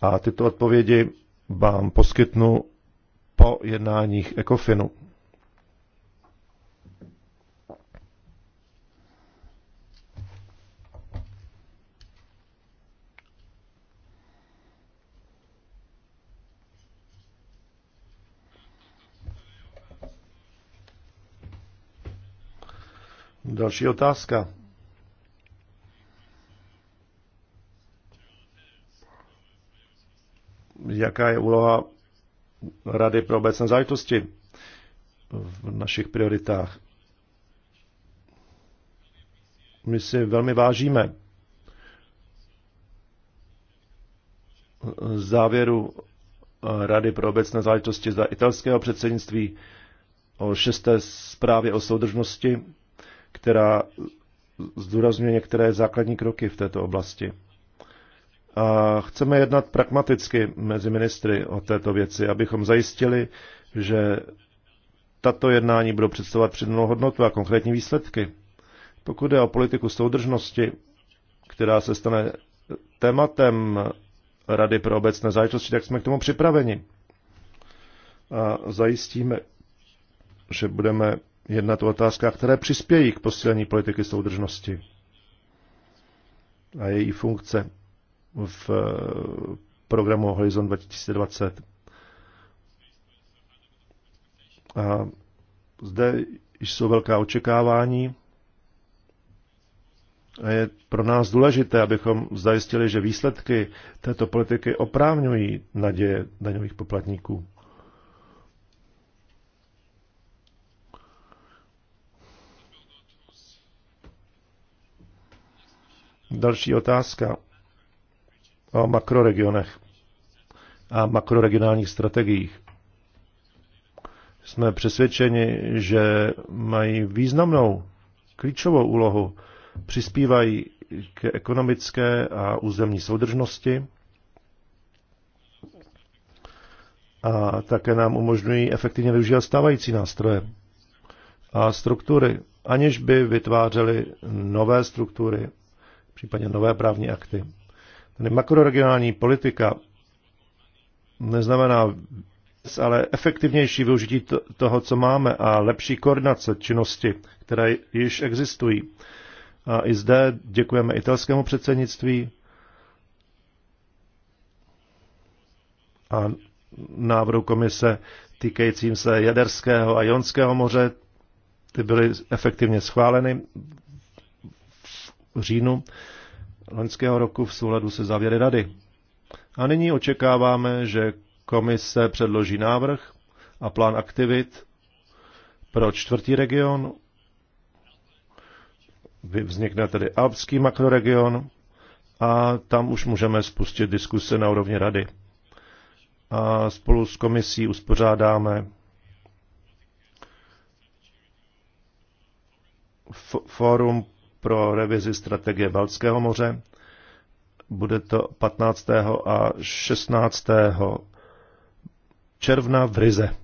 A tyto odpovědi vám poskytnu po jednáních ECOFINu. Další otázka. Jaká je úloha Rady pro obecné záležitosti v našich prioritách? My si velmi vážíme závěru Rady pro obecné záležitosti za italského předsednictví o šesté zprávě o soudržnosti která zdůrazňuje některé základní kroky v této oblasti. A chceme jednat pragmaticky mezi ministry o této věci, abychom zajistili, že tato jednání budou představovat přidanou hodnotu a konkrétní výsledky. Pokud je o politiku soudržnosti, která se stane tématem Rady pro obecné záležitosti, tak jsme k tomu připraveni. A zajistíme, že budeme jednat o otázkách, které přispějí k posílení politiky soudržnosti a její funkce v eh, programu Horizon 2020. A zde jsou velká očekávání a je pro nás důležité, abychom zajistili, že výsledky této politiky oprávňují naděje daňových poplatníků. Další otázka o makroregionech a makroregionálních strategiích. Jsme přesvědčeni, že mají významnou, klíčovou úlohu, přispívají k ekonomické a územní soudržnosti a také nám umožňují efektivně využívat stávající nástroje a struktury, aniž by vytvářely nové struktury případně nové právní akty. Tedy makroregionální politika neznamená ale efektivnější využití toho, co máme a lepší koordinace činnosti, které již existují. A i zde děkujeme italskému předsednictví a návrhu komise týkajícím se Jaderského a Jonského moře. Ty byly efektivně schváleny říjnu loňského roku v souladu se závěry rady. A nyní očekáváme, že komise předloží návrh a plán aktivit pro čtvrtý region. Vznikne tedy alpský makroregion a tam už můžeme spustit diskuse na úrovni rady. A spolu s komisí uspořádáme fórum pro revizi strategie Baltského moře. Bude to 15. a 16. června v Rize.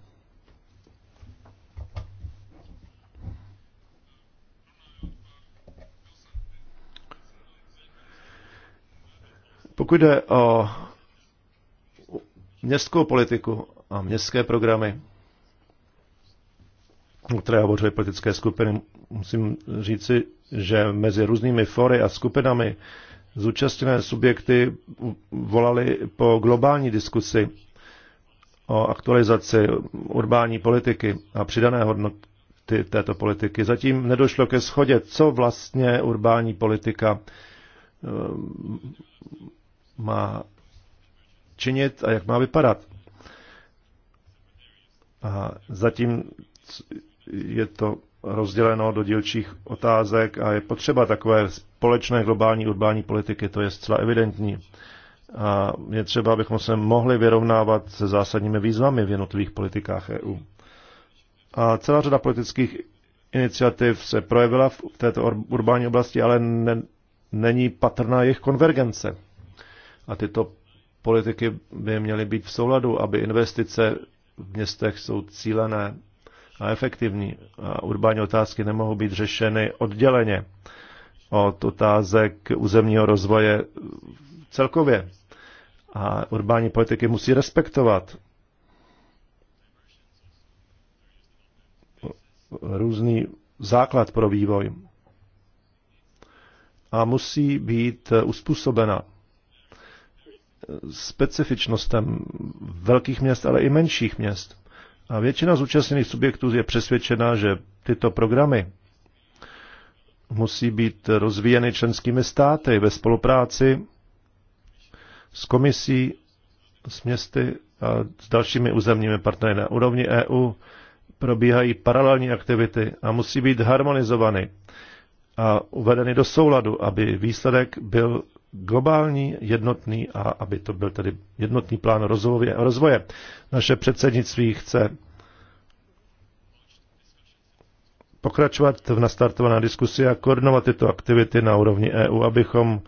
Pokud jde o městskou politiku a městské programy, o které hovořily politické skupiny, musím říci, že mezi různými fory a skupinami zúčastněné subjekty volali po globální diskusi o aktualizaci urbání politiky a přidané hodnoty této politiky. Zatím nedošlo ke schodě, co vlastně urbání politika eh, má činit a jak má vypadat. A zatím je to rozděleno do dílčích otázek a je potřeba takové společné globální urbání politiky, to je zcela evidentní. A je třeba, abychom se mohli vyrovnávat se zásadními výzvami v jednotlivých politikách EU. A celá řada politických iniciativ se projevila v této urbání oblasti, ale ne, není patrná jejich konvergence. A tyto politiky by měly být v souladu, aby investice v městech jsou cílené a efektivní. A urbání otázky nemohou být řešeny odděleně od otázek územního rozvoje celkově. A urbání politiky musí respektovat různý základ pro vývoj a musí být uspůsobena specifičnostem velkých měst, ale i menších měst. A většina zúčastněných subjektů je přesvědčena, že tyto programy musí být rozvíjeny členskými státy ve spolupráci s komisí, s městy a s dalšími územními partnery na úrovni EU. Probíhají paralelní aktivity a musí být harmonizovány a uvedeny do souladu, aby výsledek byl globální, jednotný a aby to byl tedy jednotný plán rozvoje. rozvoje. Naše předsednictví chce pokračovat v nastartované diskusi a koordinovat tyto aktivity na úrovni EU, abychom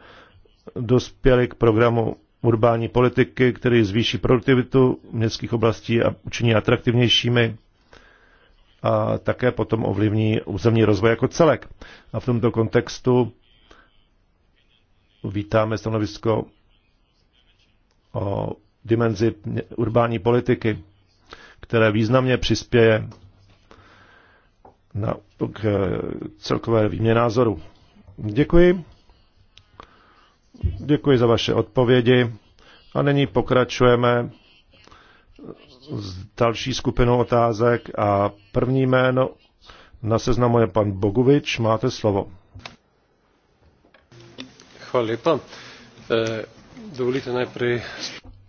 dospěli k programu urbání politiky, který zvýší produktivitu městských oblastí a učiní atraktivnějšími a také potom ovlivní územní rozvoj jako celek. A v tomto kontextu Vítáme stanovisko o dimenzi urbání politiky, které významně přispěje na, k celkové výměně názoru. Děkuji. Děkuji za vaše odpovědi. A nyní pokračujeme s další skupinou otázek a první jméno na seznamu je pan Bogovič. Máte slovo. Hvala lepa. E,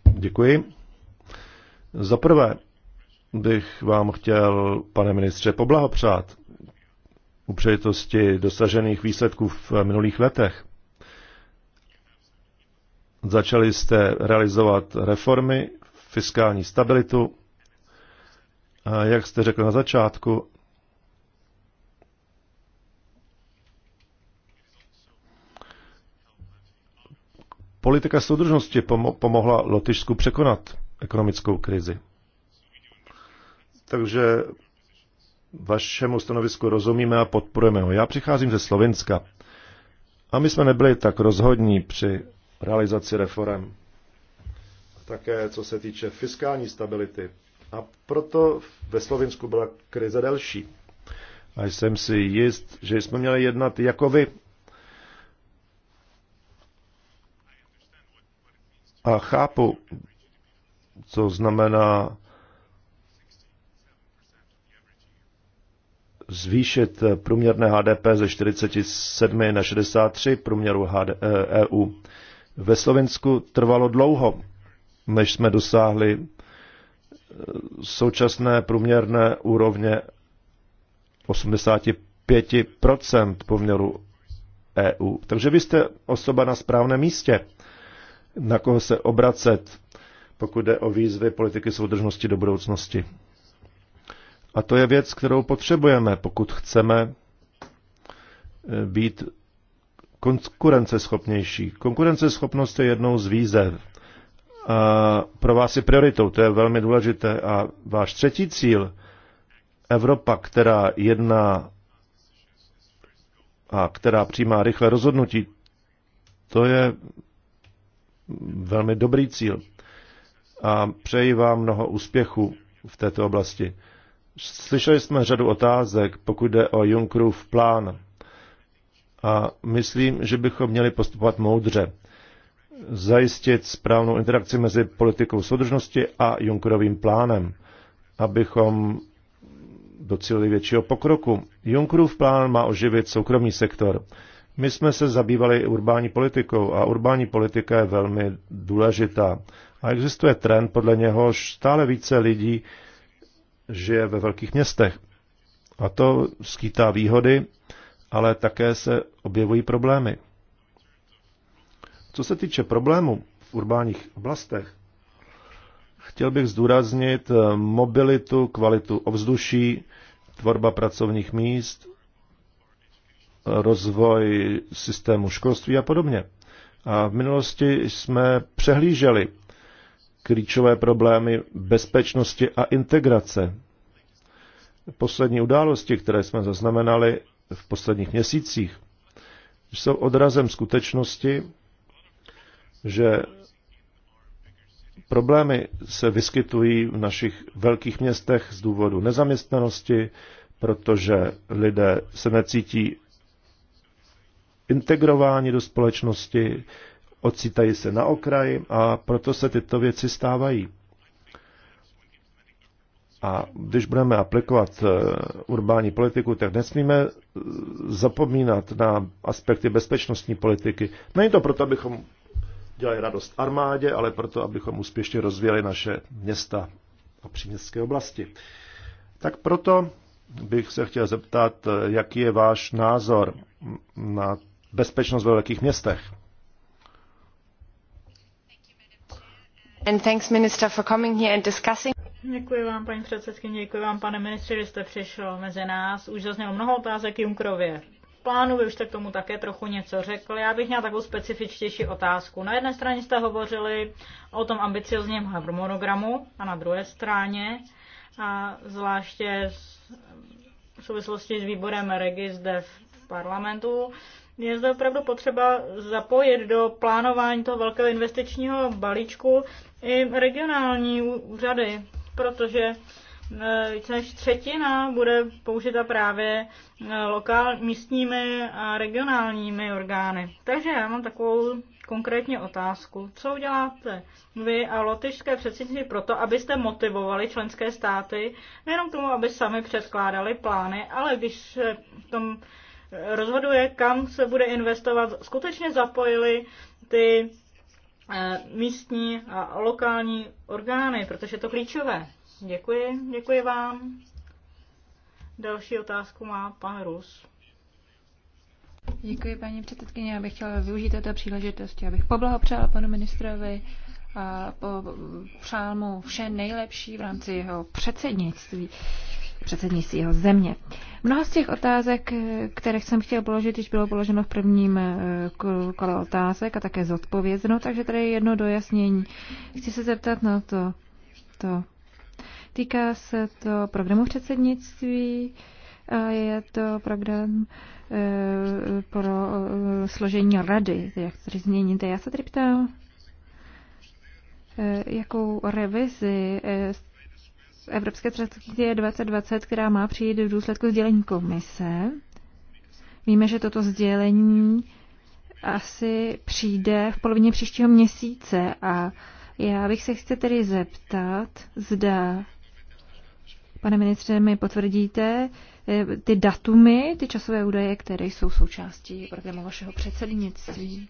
Děkuji. Za prvé bych vám chtěl, pane ministře, poblahopřát u přejitosti dosažených výsledků v minulých letech. Začali jste realizovat reformy, fiskální stabilitu. A jak jste řekl na začátku, Politika soudržnosti pomohla Lotyšsku překonat ekonomickou krizi. Takže vašemu stanovisku rozumíme a podporujeme ho. Já přicházím ze Slovenska a my jsme nebyli tak rozhodní při realizaci reform. Také co se týče fiskální stability. A proto ve Slovensku byla krize delší. A jsem si jist, že jsme měli jednat jako vy A chápu, co znamená zvýšit průměrné HDP ze 47 na 63 průměru HD, EU. Eh, e Ve Slovensku trvalo dlouho, než jsme dosáhli eh, současné průměrné úrovně 85 poměru EU. Takže vy jste osoba na správném místě na koho se obracet, pokud jde o výzvy politiky soudržnosti do budoucnosti. A to je věc, kterou potřebujeme, pokud chceme eh, být konkurenceschopnější. Konkurenceschopnost je jednou z výzev. A pro vás je prioritou, to je velmi důležité. A váš třetí cíl, Evropa, která jedná a která přijímá rychle rozhodnutí, to je velmi dobrý cíl. A přeji vám mnoho úspěchu v této oblasti. Slyšeli jsme řadu otázek, pokud jde o Junckerův plán. A myslím, že bychom měli postupovat moudře. Zajistit správnou interakci mezi politikou soudržnosti a Junckerovým plánem, abychom docílili většího pokroku. Junckerův plán má oživit soukromý sektor my jsme se zabývali urbání politikou a urbání politika je velmi důležitá. A existuje trend, podle něhož stále více lidí žije ve velkých městech. A to skýtá výhody, ale také se objevují problémy. Co se týče problémů v urbánních oblastech, chtěl bych zdůraznit mobilitu, kvalitu ovzduší, tvorba pracovních míst rozvoj systému školství a podobně. A v minulosti jsme přehlíželi klíčové problémy bezpečnosti a integrace. Poslední události, které jsme zaznamenali v posledních měsících, jsou odrazem skutečnosti, že problémy se vyskytují v našich velkých městech z důvodu nezaměstnanosti, protože lidé se necítí integrováni do společnosti, ocitají se na okraji a proto se tyto věci stávají. A když budeme aplikovat eh, urbání politiku, tak nesmíme eh, zapomínat na aspekty bezpečnostní politiky. Není to proto, abychom dělali radost armádě, ale proto, abychom úspěšně rozvíjeli naše města a příměstské oblasti. Tak proto bych se chtěl zeptat, eh, jaký je váš názor na bezpečnost ve velkých městech. Děkuji vám, paní předsedkyně, děkuji vám, pane ministře, že jste přišel mezi nás. Už zaznělo mnoho otázek Junkrově plánu, vy už jste k tomu také trochu něco řekl. Já bych měla takovou specifičtější otázku. Na jedné straně jste hovořili o tom ambiciozním harmonogramu a na druhé straně, a zvláště v souvislosti s výborem Regis zde v parlamentu, je zde opravdu potřeba zapojit do plánování toho velkého investičního balíčku i regionální úřady, protože e, více než třetina bude použita právě e, lokál, místními a regionálními orgány. Takže já mám takovou konkrétně otázku. Co uděláte vy a lotyšské předsednictví proto, abyste motivovali členské státy nejenom k tomu, aby sami předkládali plány, ale když v tom rozhoduje, kam se bude investovat, skutečně zapojili ty eh, místní a lokální orgány, protože je to klíčové. Děkuji, děkuji vám. Další otázku má pan Rus. Děkuji, paní předsedkyně. Já bych chtěla využít této příležitosti, abych poblahopřála panu ministrovi a přál mu vše nejlepší v rámci jeho předsednictví předsednictví jeho země. Mnoho z těch otázek, které jsem chtěl položit, již bylo položeno v prvním eh, kole otázek a také zodpovězeno, takže tady je jedno dojasnění. Chci se zeptat na to. to. Týká se to programu předsednictví, a je to program eh, pro eh, složení rady, jak tady změníte. Já se tedy ptám, jakou revizi Evropské strategie 2020, která má přijít v důsledku sdělení komise. Víme, že toto sdělení asi přijde v polovině příštího měsíce a já bych se chce tedy zeptat, zda, pane ministře, mi potvrdíte eh, ty datumy, ty časové údaje, které jsou součástí programu vašeho předsednictví.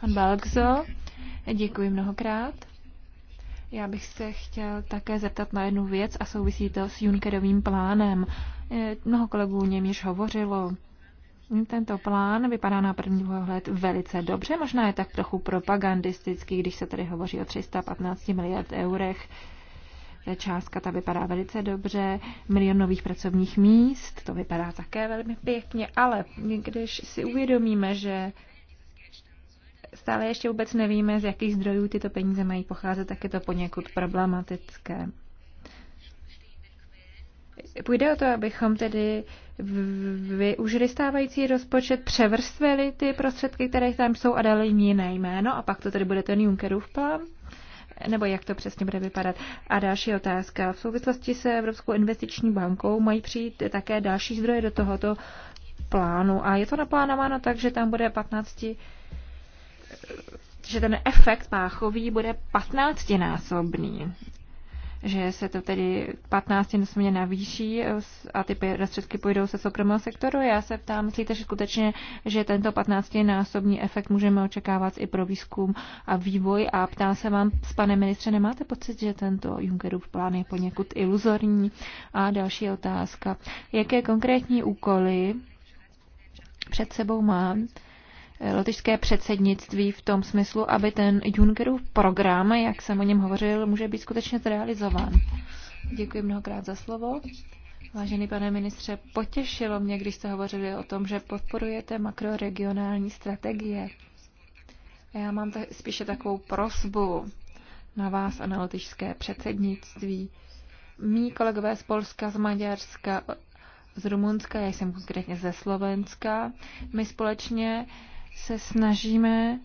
Pan Balgzo, děkuji mnohokrát. Já bych se chtěl také zeptat na jednu věc a souvisí to s Junckerovým plánem. E, mnoho kolegů o něm již hovořilo. Tento plán vypadá na první pohled velice dobře, možná je tak trochu propagandistický, když se tady hovoří o 315 miliard eurech. Ta částka ta vypadá velice dobře, milion nových pracovních míst, to vypadá také velmi pěkně, ale když si uvědomíme, že stále ještě vůbec nevíme, z jakých zdrojů tyto peníze mají pocházet, tak je to poněkud problematické. Půjde o to, abychom tedy využili stávající rozpočet, převrstvili ty prostředky, které tam jsou a dali jim jiné jméno a pak to tedy bude ten Junckerův plán? Nebo jak to přesně bude vypadat? A další otázka. V souvislosti se Evropskou investiční bankou mají přijít také další zdroje do tohoto plánu. A je to naplánováno tak, že tam bude 15 že ten efekt páchový bude patnáctinásobný že se to tedy 15 násobně navýší eh, a ty prostředky půjdou se soukromého sektoru. Já se ptám, myslíte že skutečně, že tento 15 násobní efekt můžeme očekávat i pro výzkum a vývoj? A ptám se vám, s panem ministře, nemáte pocit, že tento Junckerův plán je poněkud iluzorní? A další otázka. Jaké konkrétní úkoly před sebou mám? lotyšské předsednictví v tom smyslu, aby ten Junckerův program, jak jsem o něm hovořil, může být skutečně zrealizován. Děkuji mnohokrát za slovo. Vážený pane ministře, potěšilo mě, když jste hovořili o tom, že podporujete makroregionální strategie. Já mám t- spíše takovou prosbu na vás a na lotyšské předsednictví. Mí kolegové z Polska, z Maďarska, z Rumunska, já jsem konkrétně ze Slovenska, my společně uh, se snažíme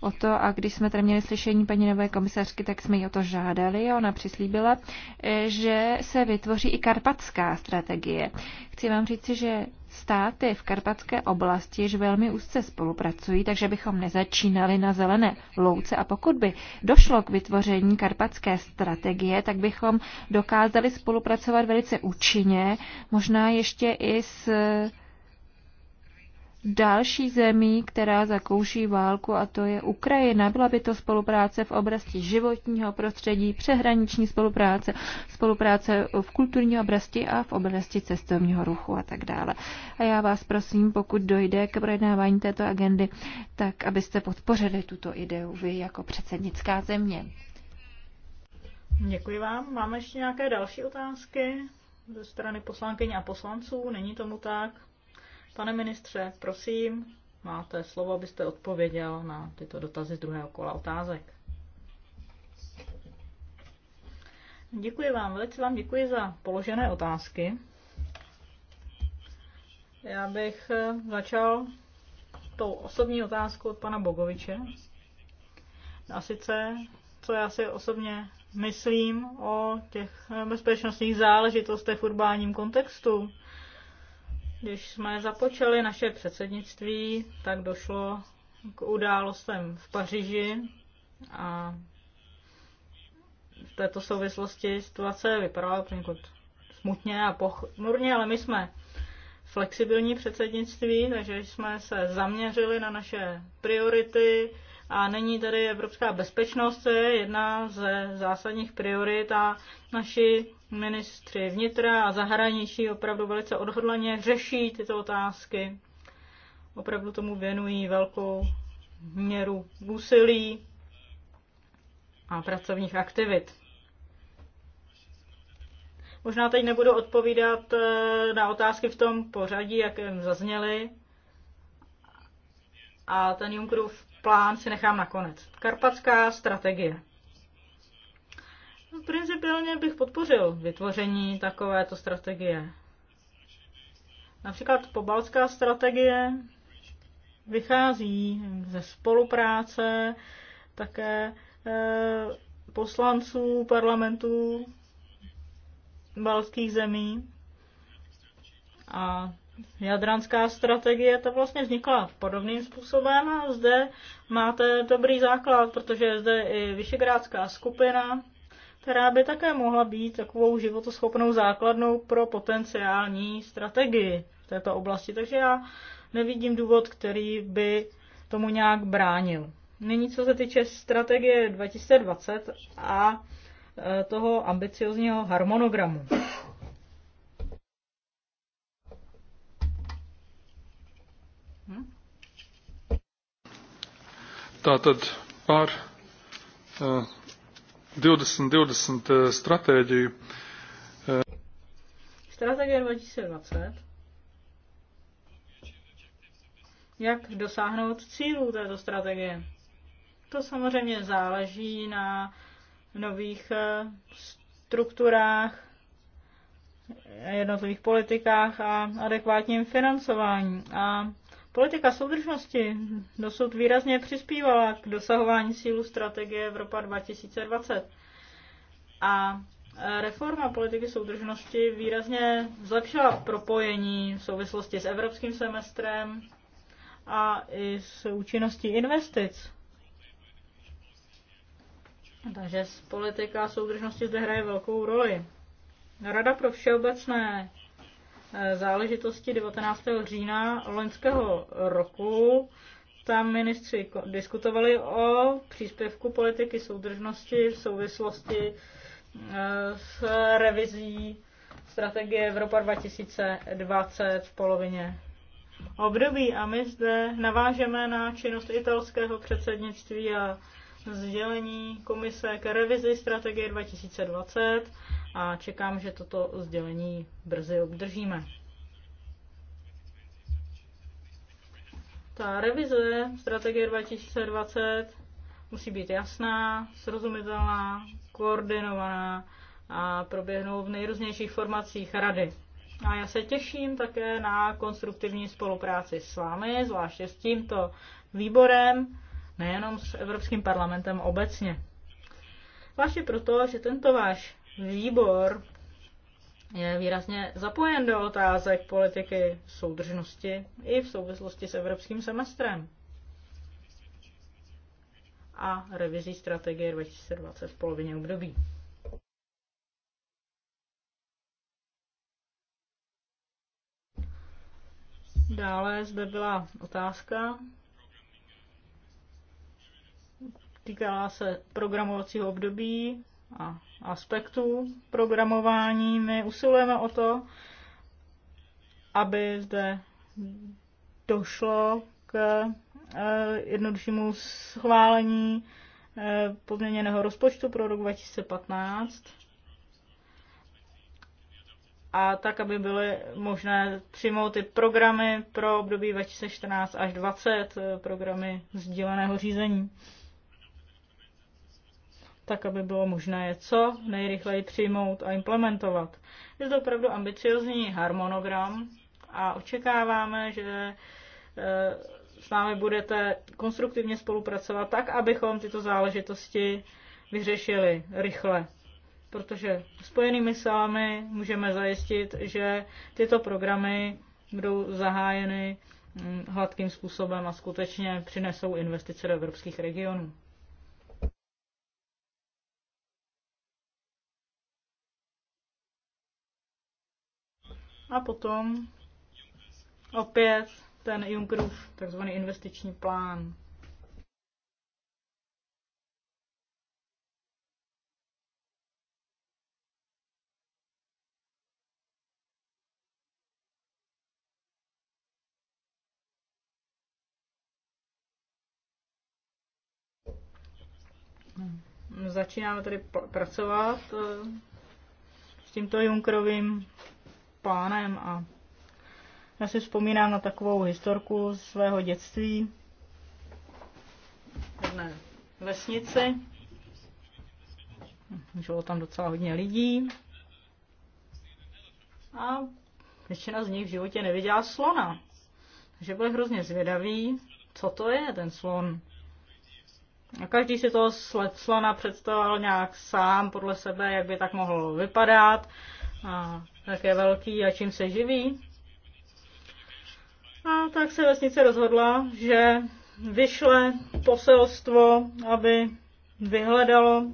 o to, a když jsme tady měli slyšení paní nové komisařky, tak jsme ji o to žádali a ona přislíbila, eh, že se vytvoří i karpatská strategie. Chci vám říci, že státy v karpatské oblasti již velmi úzce spolupracují, takže bychom nezačínali na zelené louce a pokud by došlo k vytvoření karpatské strategie, tak bychom dokázali spolupracovat velice účinně, možná ještě i s další zemí, která zakouší válku, a to je Ukrajina. Byla by to spolupráce v oblasti životního prostředí, přehraniční spolupráce, spolupráce v kulturní oblasti a v oblasti cestovního ruchu a tak dále. A já vás prosím, pokud dojde k projednávání této agendy, tak abyste podpořili tuto ideu vy jako předsednická země. Děkuji vám. Máme ještě nějaké další otázky ze strany poslankyň a poslanců? Není tomu tak? Pane ministře, prosím, máte slovo, abyste odpověděl na tyto dotazy z druhého kola otázek. Děkuji vám, velice vám děkuji za položené otázky. Já bych eh, začal tou osobní otázkou od pana Bogoviče. A sice, co já si osobně myslím o těch eh, bezpečnostních záležitostech v urbáním kontextu když jsme započali naše předsednictví, tak došlo k událostem v Paříži a v této souvislosti situace vypadala poněkud smutně a pochmurně, ale my jsme flexibilní předsednictví, takže jsme se zaměřili na naše priority a není tady evropská bezpečnost je jedna ze zásadních priorit a naši ministři vnitra a zahraničí opravdu velice odhodlaně řeší tyto otázky. Opravdu tomu věnují velkou měru úsilí a pracovních aktivit. Možná teď nebudu odpovídat eh, na otázky v tom pořadí, jak zazněly. A ten Junckerův plán si nechám nakonec. Karpatská strategie. Principiálně bych podpořil vytvoření takovéto strategie. Například pobalská strategie vychází ze spolupráce také eh, poslanců parlamentů balských zemí. A jadranská strategie, to vlastně vznikla podobným způsobem a zde máte dobrý základ, protože je zde i Vyšegrádská skupina, která by také mohla být takovou životoschopnou základnou pro potenciální strategii v této oblasti. Takže já nevidím důvod, který by tomu nějak bránil. Nyní, co se týče strategie 2020 a e, toho ambiciozního harmonogramu. Hm? Tato pár par uh, 2020 eh, stratēģiju. Eh. Strategie 2020. Jak dosáhnout cílů této strategie? To samozřejmě záleží na nových eh, strukturách, jednotlivých politikách a adekvátním financování. A Politika soudržnosti dosud výrazně přispívala k dosahování sílu strategie Evropa 2020. A e, reforma politiky soudržnosti výrazně zlepšila propojení v souvislosti s evropským semestrem a i s účinností investic. Takže politika soudržnosti zde hraje velkou roli. Rada pro všeobecné záležitosti 19. října loňského roku. Tam ministři diskutovali o příspěvku politiky soudržnosti v souvislosti e, s revizí strategie Evropa 2020 v polovině období. A my zde navážeme na činnost italského předsednictví a sdělení komise k revizi strategie 2020 a čekám, že toto sdělení brzy obdržíme. Ta revize strategie 2020 musí být jasná, srozumitelná, koordinovaná a proběhnou v nejrůznějších formacích rady. A já se těším také na konstruktivní spolupráci s vámi, zvláště s tímto výborem, nejenom s Evropským parlamentem obecně. Vlastně proto, že tento váš výbor je výrazně zapojen do otázek politiky soudržnosti i v souvislosti s evropským semestrem a revizí strategie 2020 v polovině období. Dále zde byla otázka. Týkala se programovacího období a aspektů programování. My usilujeme o to, aby zde došlo k eh, jednoduššímu schválení eh, podměněného rozpočtu pro rok 2015 a tak, aby byly možné přijmout ty programy pro období 2014 až 2020, eh, programy sdíleného řízení tak aby bylo možné je co nejrychleji přijmout a implementovat. Je to opravdu ambiciozní harmonogram a očekáváme, že e, s námi budete konstruktivně spolupracovat tak, abychom tyto záležitosti vyřešili rychle. Protože spojenými silami můžeme zajistit, že tyto programy budou zahájeny mm, hladkým způsobem a skutečně přinesou investice do evropských regionů. A potom opět ten Junckerův takzvaný investiční plán. Začínáme tedy pracovat eh, s tímto junkrovým plánem a já si vzpomínám na takovou historku z svého dětství. Jedné vesnici. Žilo tam docela hodně lidí. A většina z nich v životě neviděla slona. Takže byli hrozně zvědaví, co to je ten slon. A každý si toho slona představoval nějak sám podle sebe, jak by tak mohl vypadat. A jak je velký a čím se živí. A tak se vesnice rozhodla, že vyšle poselstvo, aby vyhledalo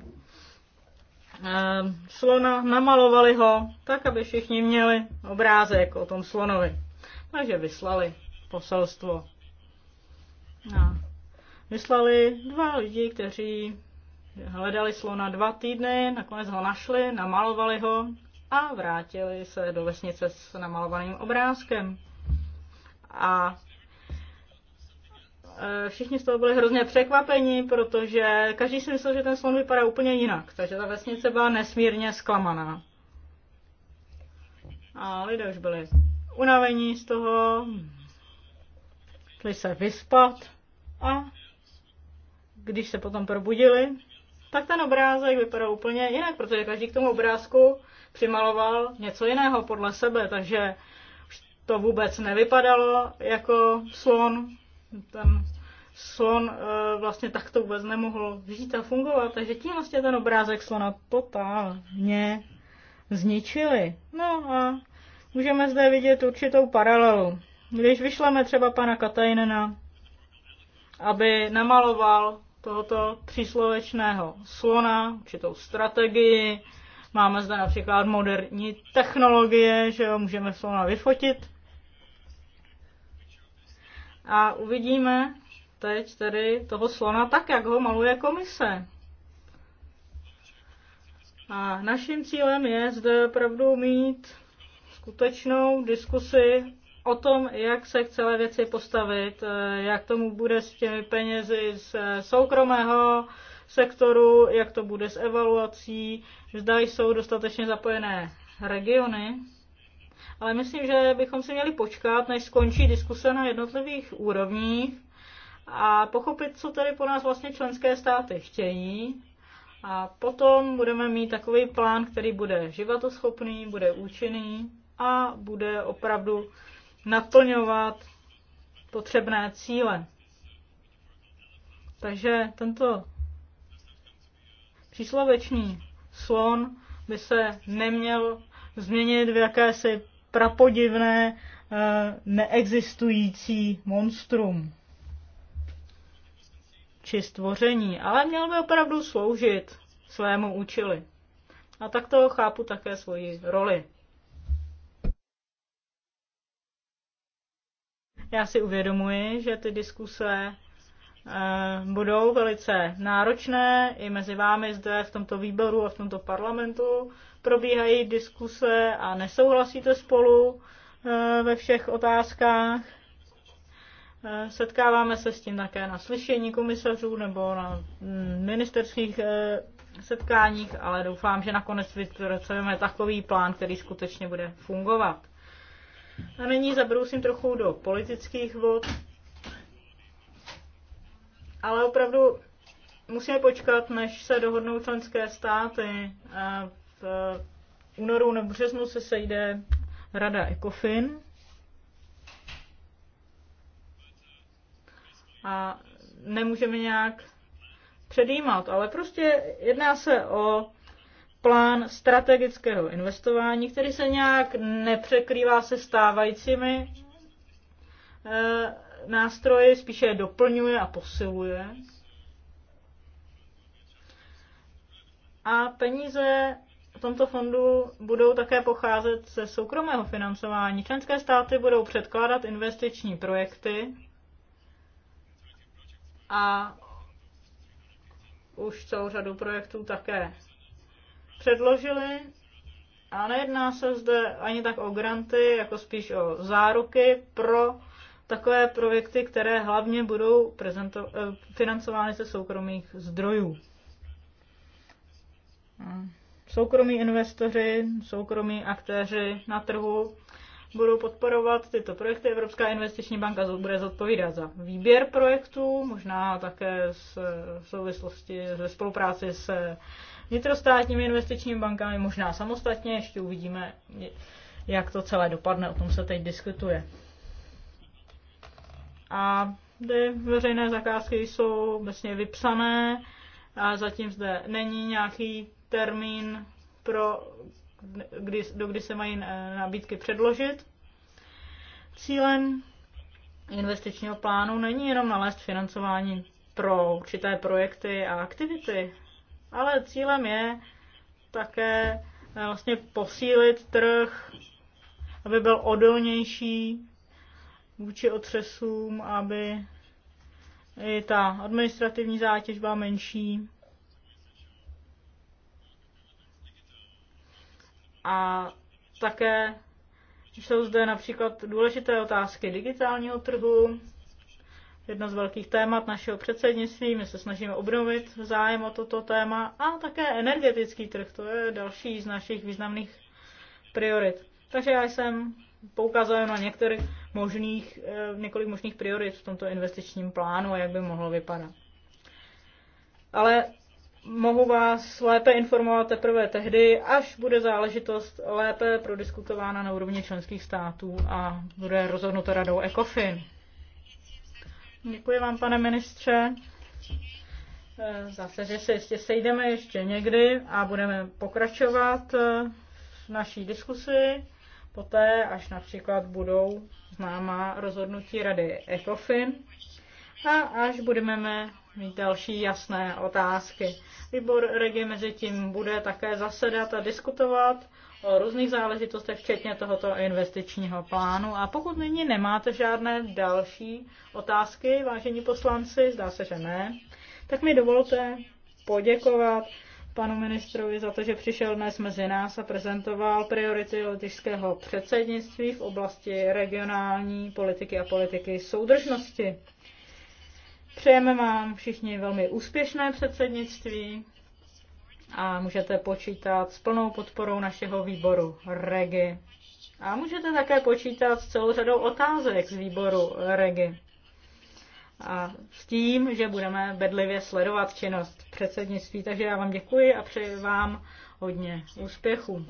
eh, slona, namalovali ho, tak aby všichni měli obrázek o tom slonovi. Takže vyslali poselstvo. A vyslali dva lidi, kteří hledali slona dva týdny, nakonec ho našli, namalovali ho a vrátili se do vesnice s namalovaným obrázkem. A e, všichni z toho byli hrozně překvapeni, protože každý si myslel, že ten slon vypadá úplně jinak. Takže ta vesnice byla nesmírně zklamaná. A lidé už byli unavení z toho, šli se vyspat a když se potom probudili, tak ten obrázek vypadal úplně jinak, protože každý k tomu obrázku přimaloval něco jiného podle sebe, takže to vůbec nevypadalo jako slon. Ten slon eh, vlastně takto vůbec nemohl žít a fungovat, takže tím vlastně ten obrázek slona totálně zničili. No a můžeme zde vidět určitou paralelu. Když vyšleme třeba pana Katajnena, aby namaloval tohoto příslovečného slona, určitou strategii, Máme zde například moderní technologie, že jo, můžeme slona vyfotit. A uvidíme teď tedy toho slona tak, jak ho maluje komise. A naším cílem je zde opravdu mít skutečnou diskusi o tom, jak se k celé věci postavit, eh, jak tomu bude s těmi penězi z eh, soukromého sektoru, jak to bude s evaluací, zda jsou dostatečně zapojené regiony. Ale myslím, že bychom si měli počkat, než skončí diskuse na jednotlivých úrovních a pochopit, co tedy po nás vlastně členské státy chtějí. A potom budeme mít takový plán, který bude životoschopný, bude účinný a bude opravdu naplňovat potřebné cíle. Takže tento přísloveční slon by se neměl změnit v jakési prapodivné eh, neexistující monstrum či stvoření, ale měl by opravdu sloužit svému účili. A tak to chápu také svoji roli. Já si uvědomuji, že ty diskuse Eh, budou velice náročné. I mezi vámi zde v tomto výboru a v tomto parlamentu probíhají diskuse a nesouhlasíte spolu eh, ve všech otázkách. Eh, setkáváme se s tím také na slyšení komisařů nebo na mm, ministerských setkáních, ale doufám, že nakonec vypracujeme takový plán, který skutečně bude fungovat. A nyní zabrousím trochu do politických vod ale opravdu musíme počkat, než se dohodnou členské státy. V únoru nebo březnu se sejde Rada ECOFIN. A nemůžeme nějak předjímat, ale prostě jedná se o plán strategického investování, který se nějak nepřekrývá se stávajícími eh, Nástroje spíše je doplňuje a posiluje. A peníze v tomto fondu budou také pocházet ze soukromého financování. Členské státy budou předkládat investiční projekty a už celou řadu projektů také předložili. A nejedná se zde ani tak o granty, jako spíš o záruky pro takové projekty, které hlavně budou eh, financovány ze soukromých zdrojů. Hmm. Soukromí investoři, soukromí aktéři na trhu budou podporovat tyto projekty. Evropská investiční banka bude zodpovídat za výběr projektů, možná také s, v souvislosti ve spolupráci s vnitrostátními investičními bankami, možná samostatně, ještě uvidíme, jak to celé dopadne, o tom se teď diskutuje a ty veřejné zakázky jsou vlastně vypsané a zatím zde není nějaký termín pro kdy, do kdy se mají nabídky předložit. Cílem investičního plánu není jenom nalézt financování pro určité projekty a aktivity, ale cílem je také eh, vlastně posílit trh, aby byl odolnější vůči otřesům, aby i ta administrativní zátěž byla menší. A také jsou zde například důležité otázky digitálního trhu. Jedno z velkých témat našeho předsednictví, my se snažíme obnovit zájem o toto téma a také energetický trh, to je další z našich významných priorit. Takže já jsem poukazuje na některých možných, eh, několik možných priorit v tomto investičním plánu a jak by mohlo vypadat. Ale mohu vás lépe informovat teprve tehdy, až bude záležitost lépe prodiskutována na úrovni členských států a bude rozhodnuto radou ECOFIN. Děkuji vám, pane ministře. Eh, zase, že se ještě sejdeme ještě někdy a budeme pokračovat eh, v naší diskusi poté, až například budou známá rozhodnutí rady ECOFIN a až budeme mít další jasné otázky. Výbor regi mezi tím bude také zasedat a diskutovat o různých záležitostech, včetně tohoto investičního plánu. A pokud nyní nemáte žádné další otázky, vážení poslanci, zdá se, že ne, tak mi dovolte poděkovat panu ministrovi za to, že přišel dnes mezi nás a prezentoval priority lotyšského předsednictví v oblasti regionální politiky a politiky soudržnosti. Přejeme vám všichni velmi úspěšné předsednictví a můžete počítat s plnou podporou našeho výboru REGI. A můžete také počítat s celou řadou otázek z výboru REGI a s tím, že budeme bedlivě sledovat činnost předsednictví. Takže já vám děkuji a přeji vám hodně úspěchů.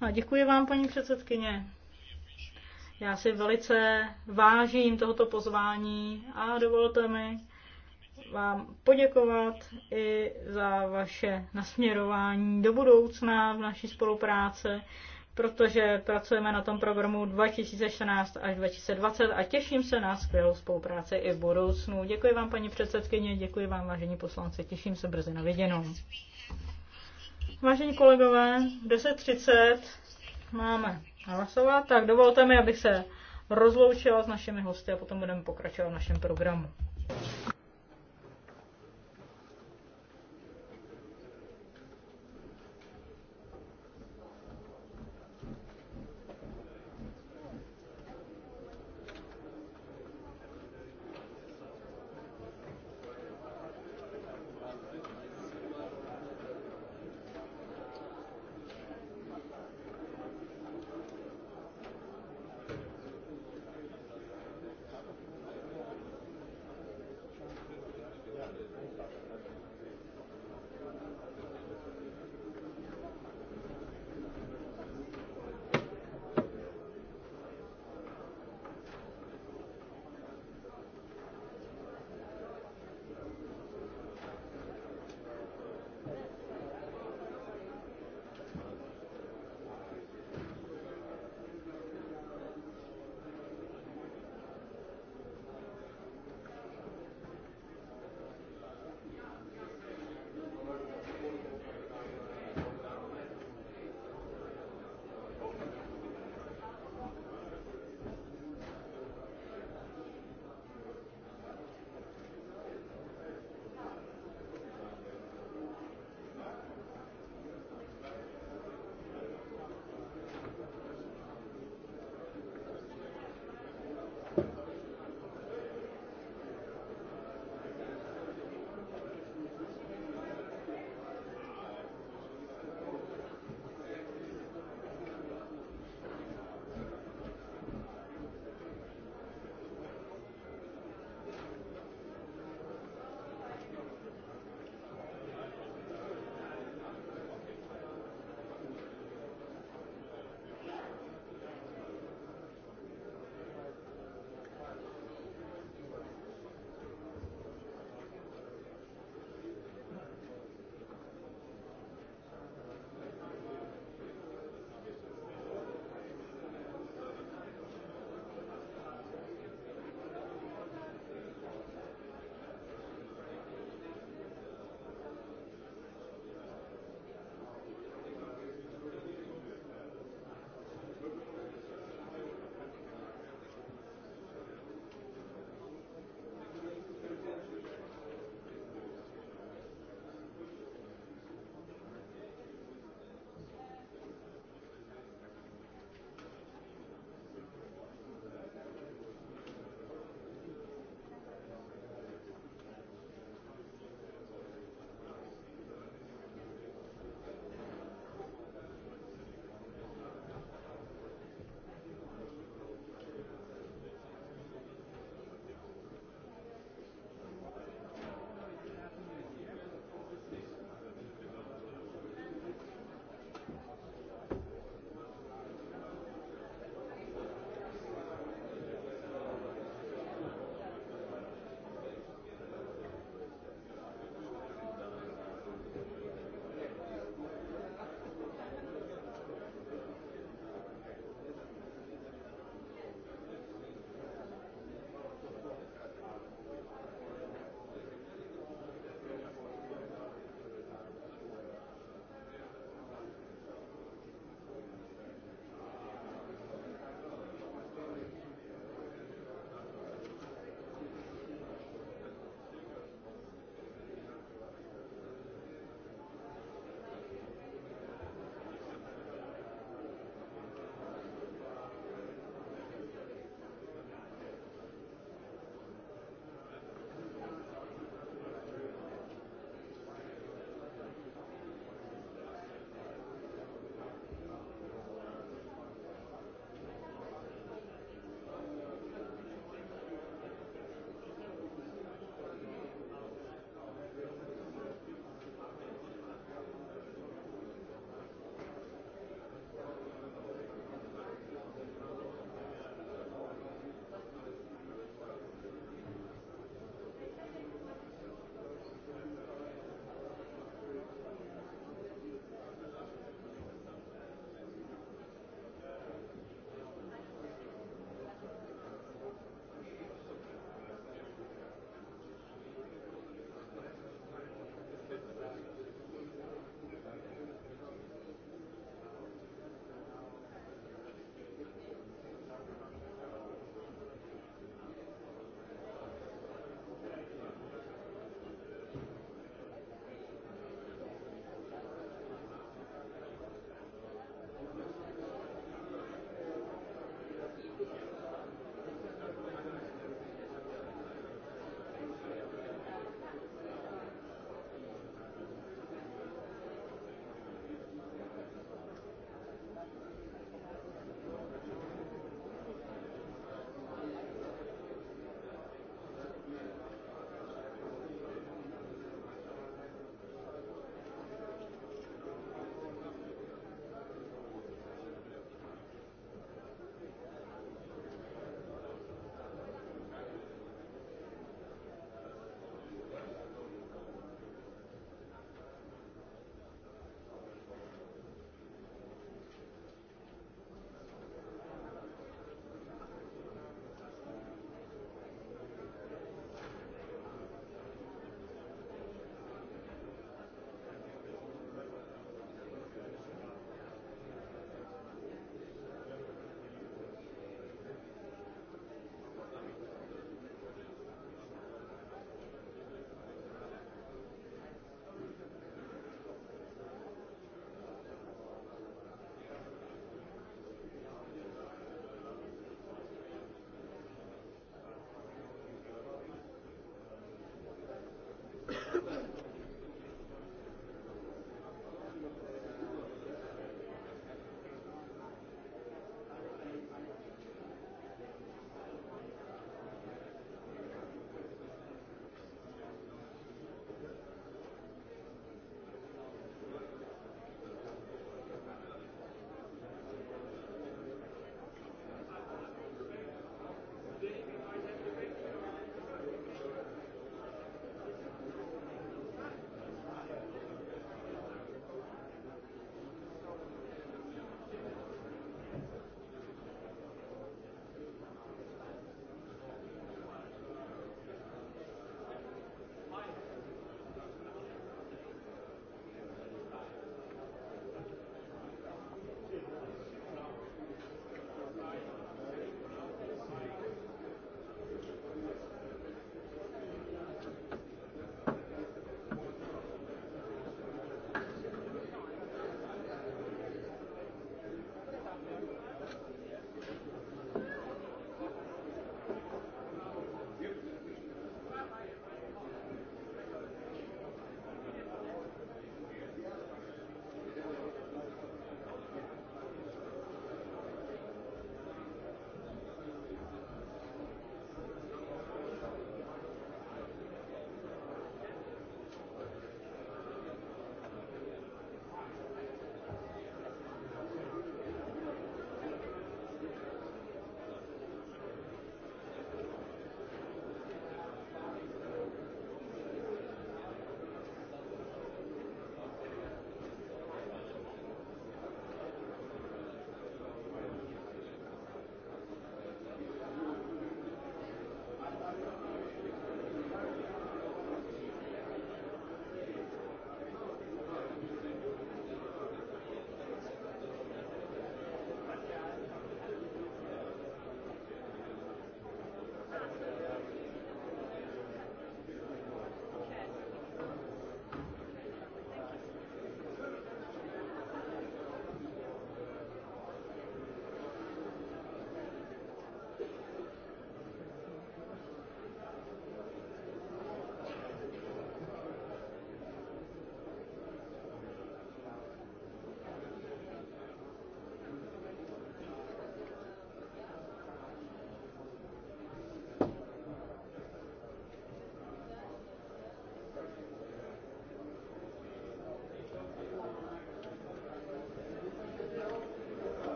A děkuji vám, paní předsedkyně. Já si velice vážím tohoto pozvání a dovolte mi vám poděkovat i za vaše nasměrování do budoucna v naší spolupráci protože pracujeme na tom programu 2016 až 2020 a těším se na skvělou spolupráci i v budoucnu. Děkuji vám, paní předsedkyně, děkuji vám, vážení poslanci, těším se brzy na viděnou. Vážení kolegové, 10.30 máme hlasovat, tak dovolte mi, abych se rozloučila s našimi hosty a potom budeme pokračovat v našem programu.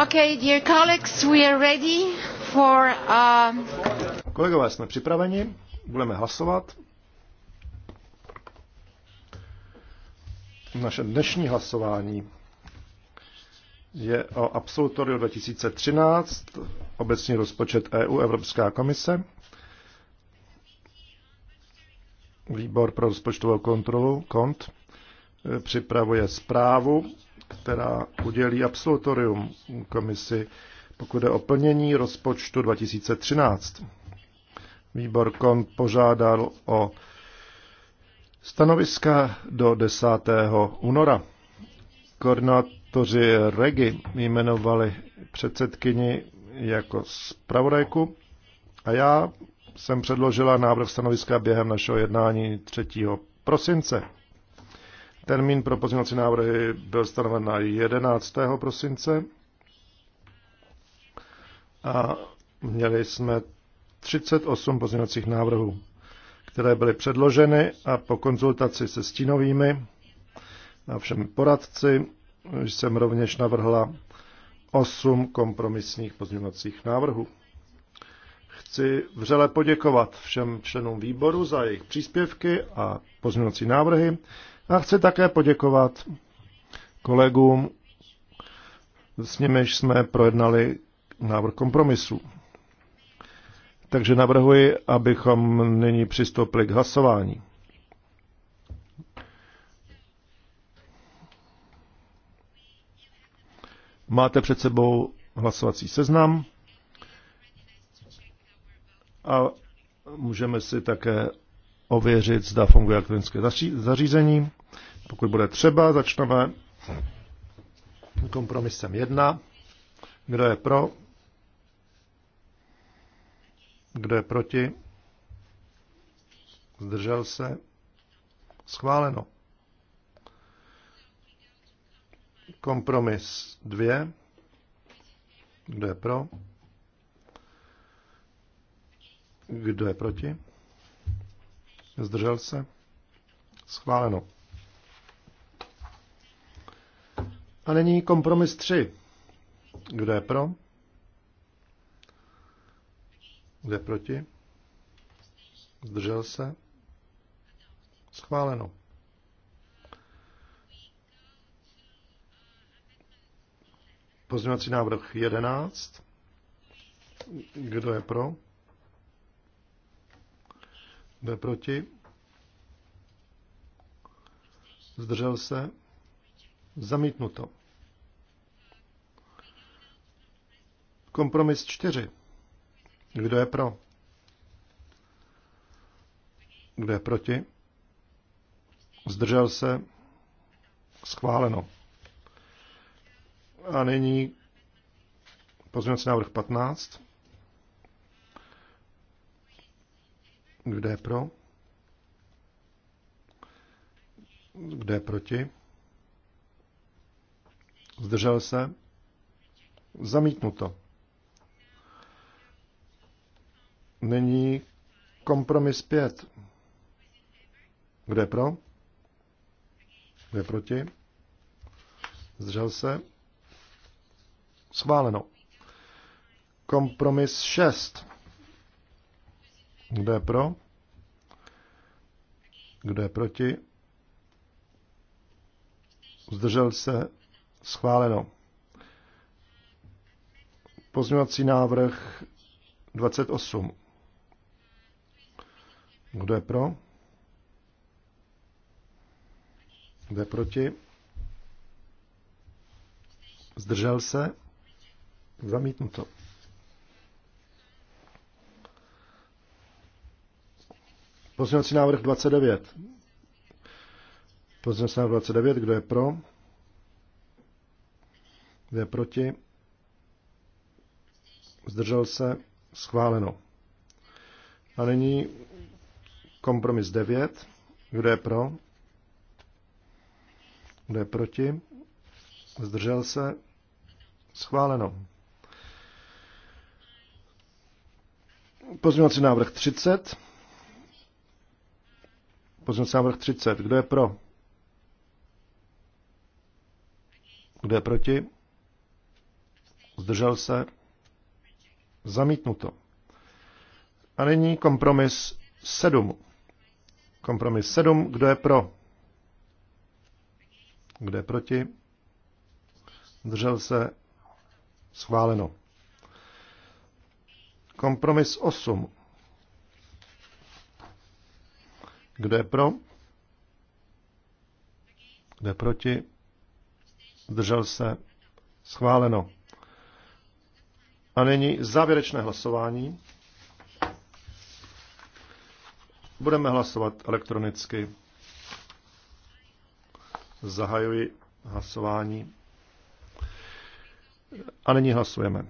Uh, Kolegové, jsme připraveni, budeme hlasovat. Naše dnešní hlasování je o absolutoriu 2013, obecní rozpočet EU, Evropská komise, výbor pro rozpočtovou kontrolu, KONT, eh, připravuje zprávu která udělí absolutorium komisi, pokud je o plnění rozpočtu 2013. Výbor KON požádal o stanoviska do 10. února. Koordinátoři REGI jmenovali předsedkyni jako zpravodajku a já jsem předložila návrh stanoviska během našeho jednání 3. prosince. Termín pro pozměňovací návrhy byl stanoven na 11. prosince a měli jsme 38 pozměňovacích návrhů, které byly předloženy a po konzultaci se stínovými a všemi poradci jsem rovněž navrhla 8 kompromisních pozměňovacích návrhů. Chci vřele poděkovat všem členům výboru za jejich příspěvky a pozměňovací návrhy. A chci také poděkovat kolegům, s nimiž jsme projednali návrh kompromisu. Takže navrhuji, abychom nyní přistoupili k hlasování. Máte před sebou hlasovací seznam a můžeme si také ověřit, zda funguje elektronické zařízení. Pokud bude třeba, začneme kompromisem 1. Kdo je pro? Kdo je proti? Zdržel se? Schváleno. Kompromis 2. Kdo je pro? Kdo je proti? Zdržel se? Schváleno. A není kompromis 3. Kdo je pro? Kdo je proti? Zdržel se? Schváleno. Pozměňovací návrh 11. Kdo je pro? Kdo je proti? Zdržel se? Zamítnuto. Kompromis 4. Kdo je pro? Kdo je proti? Zdržel se? Schváleno. A nyní pozměňovací návrh 15. Kdo je pro? Kdo je proti? Zdržel se? Zamítnuto. Není kompromis 5. Kde pro? Kde proti? Zdržel se? Schváleno. Kompromis 6. Kde pro? Kde proti? Zdržel se? Schváleno. Pozměňovací návrh 28. Kdo je pro? Kdo je proti? Zdržel se? Zamítnuto. Pozměňovací návrh 29. Pozměňovací návrh 29. Kdo je pro? Kdo je proti? Zdržel se? Schváleno. A nyní Kompromis 9. Kdo je pro? Kdo je proti? Zdržel se? Schváleno. Pozměňovací návrh 30. Pozměňovací návrh 30. Kdo je pro? Kdo je proti? Zdržel se? Zamítnuto. A nyní kompromis 7. Kompromis 7. Kdo je pro? Kdo je proti? Zdržel se? Schváleno. Kompromis 8. Kdo je pro? Kdo je proti? Zdržel se? Schváleno. A nyní závěrečné hlasování. Budeme hlasovat elektronicky. Zahajuji hlasování. A nyní hlasujeme.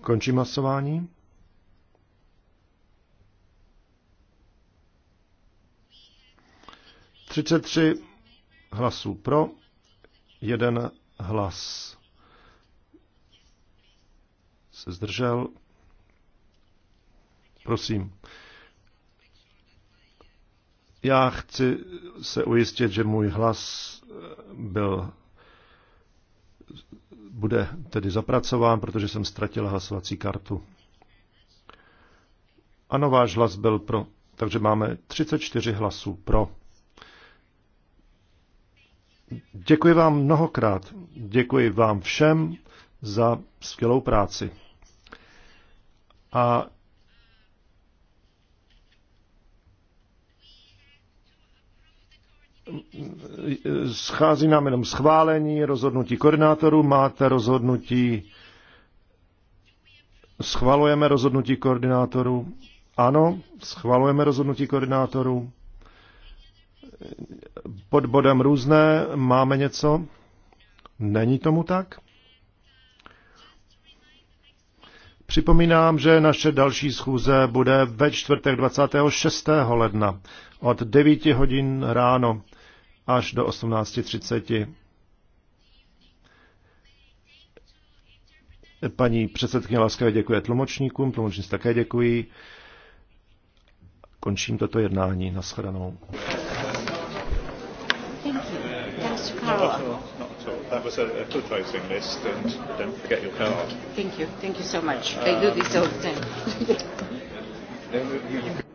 Končím hlasování. Třicet tři hlasů pro, jeden hlas se zdržel? Prosím. Já chci se ujistit, že můj hlas eh, byl bude tedy zapracován, protože jsem ztratil hlasovací kartu. Ano, váš hlas byl pro, takže máme 34 hlasů pro. Děkuji vám mnohokrát. Děkuji vám všem za skvělou práci. A schází nám jenom schválení rozhodnutí koordinátorů, máte rozhodnutí, schvalujeme rozhodnutí koordinátorů, ano, schvalujeme rozhodnutí koordinátorů, pod bodem různé máme něco, není tomu tak? Připomínám, že naše další schůze bude ve čtvrtek 26. ledna od 9 hodin ráno až do 18.30. Paní předsedkyně laskavě děkuje tlumočníkům, tlumočníci také děkují. Končím toto jednání. Naschledanou. have us a, a good voting list and don't forget your card. Thank you. Thank you so much. Um, I do this all the time. *laughs*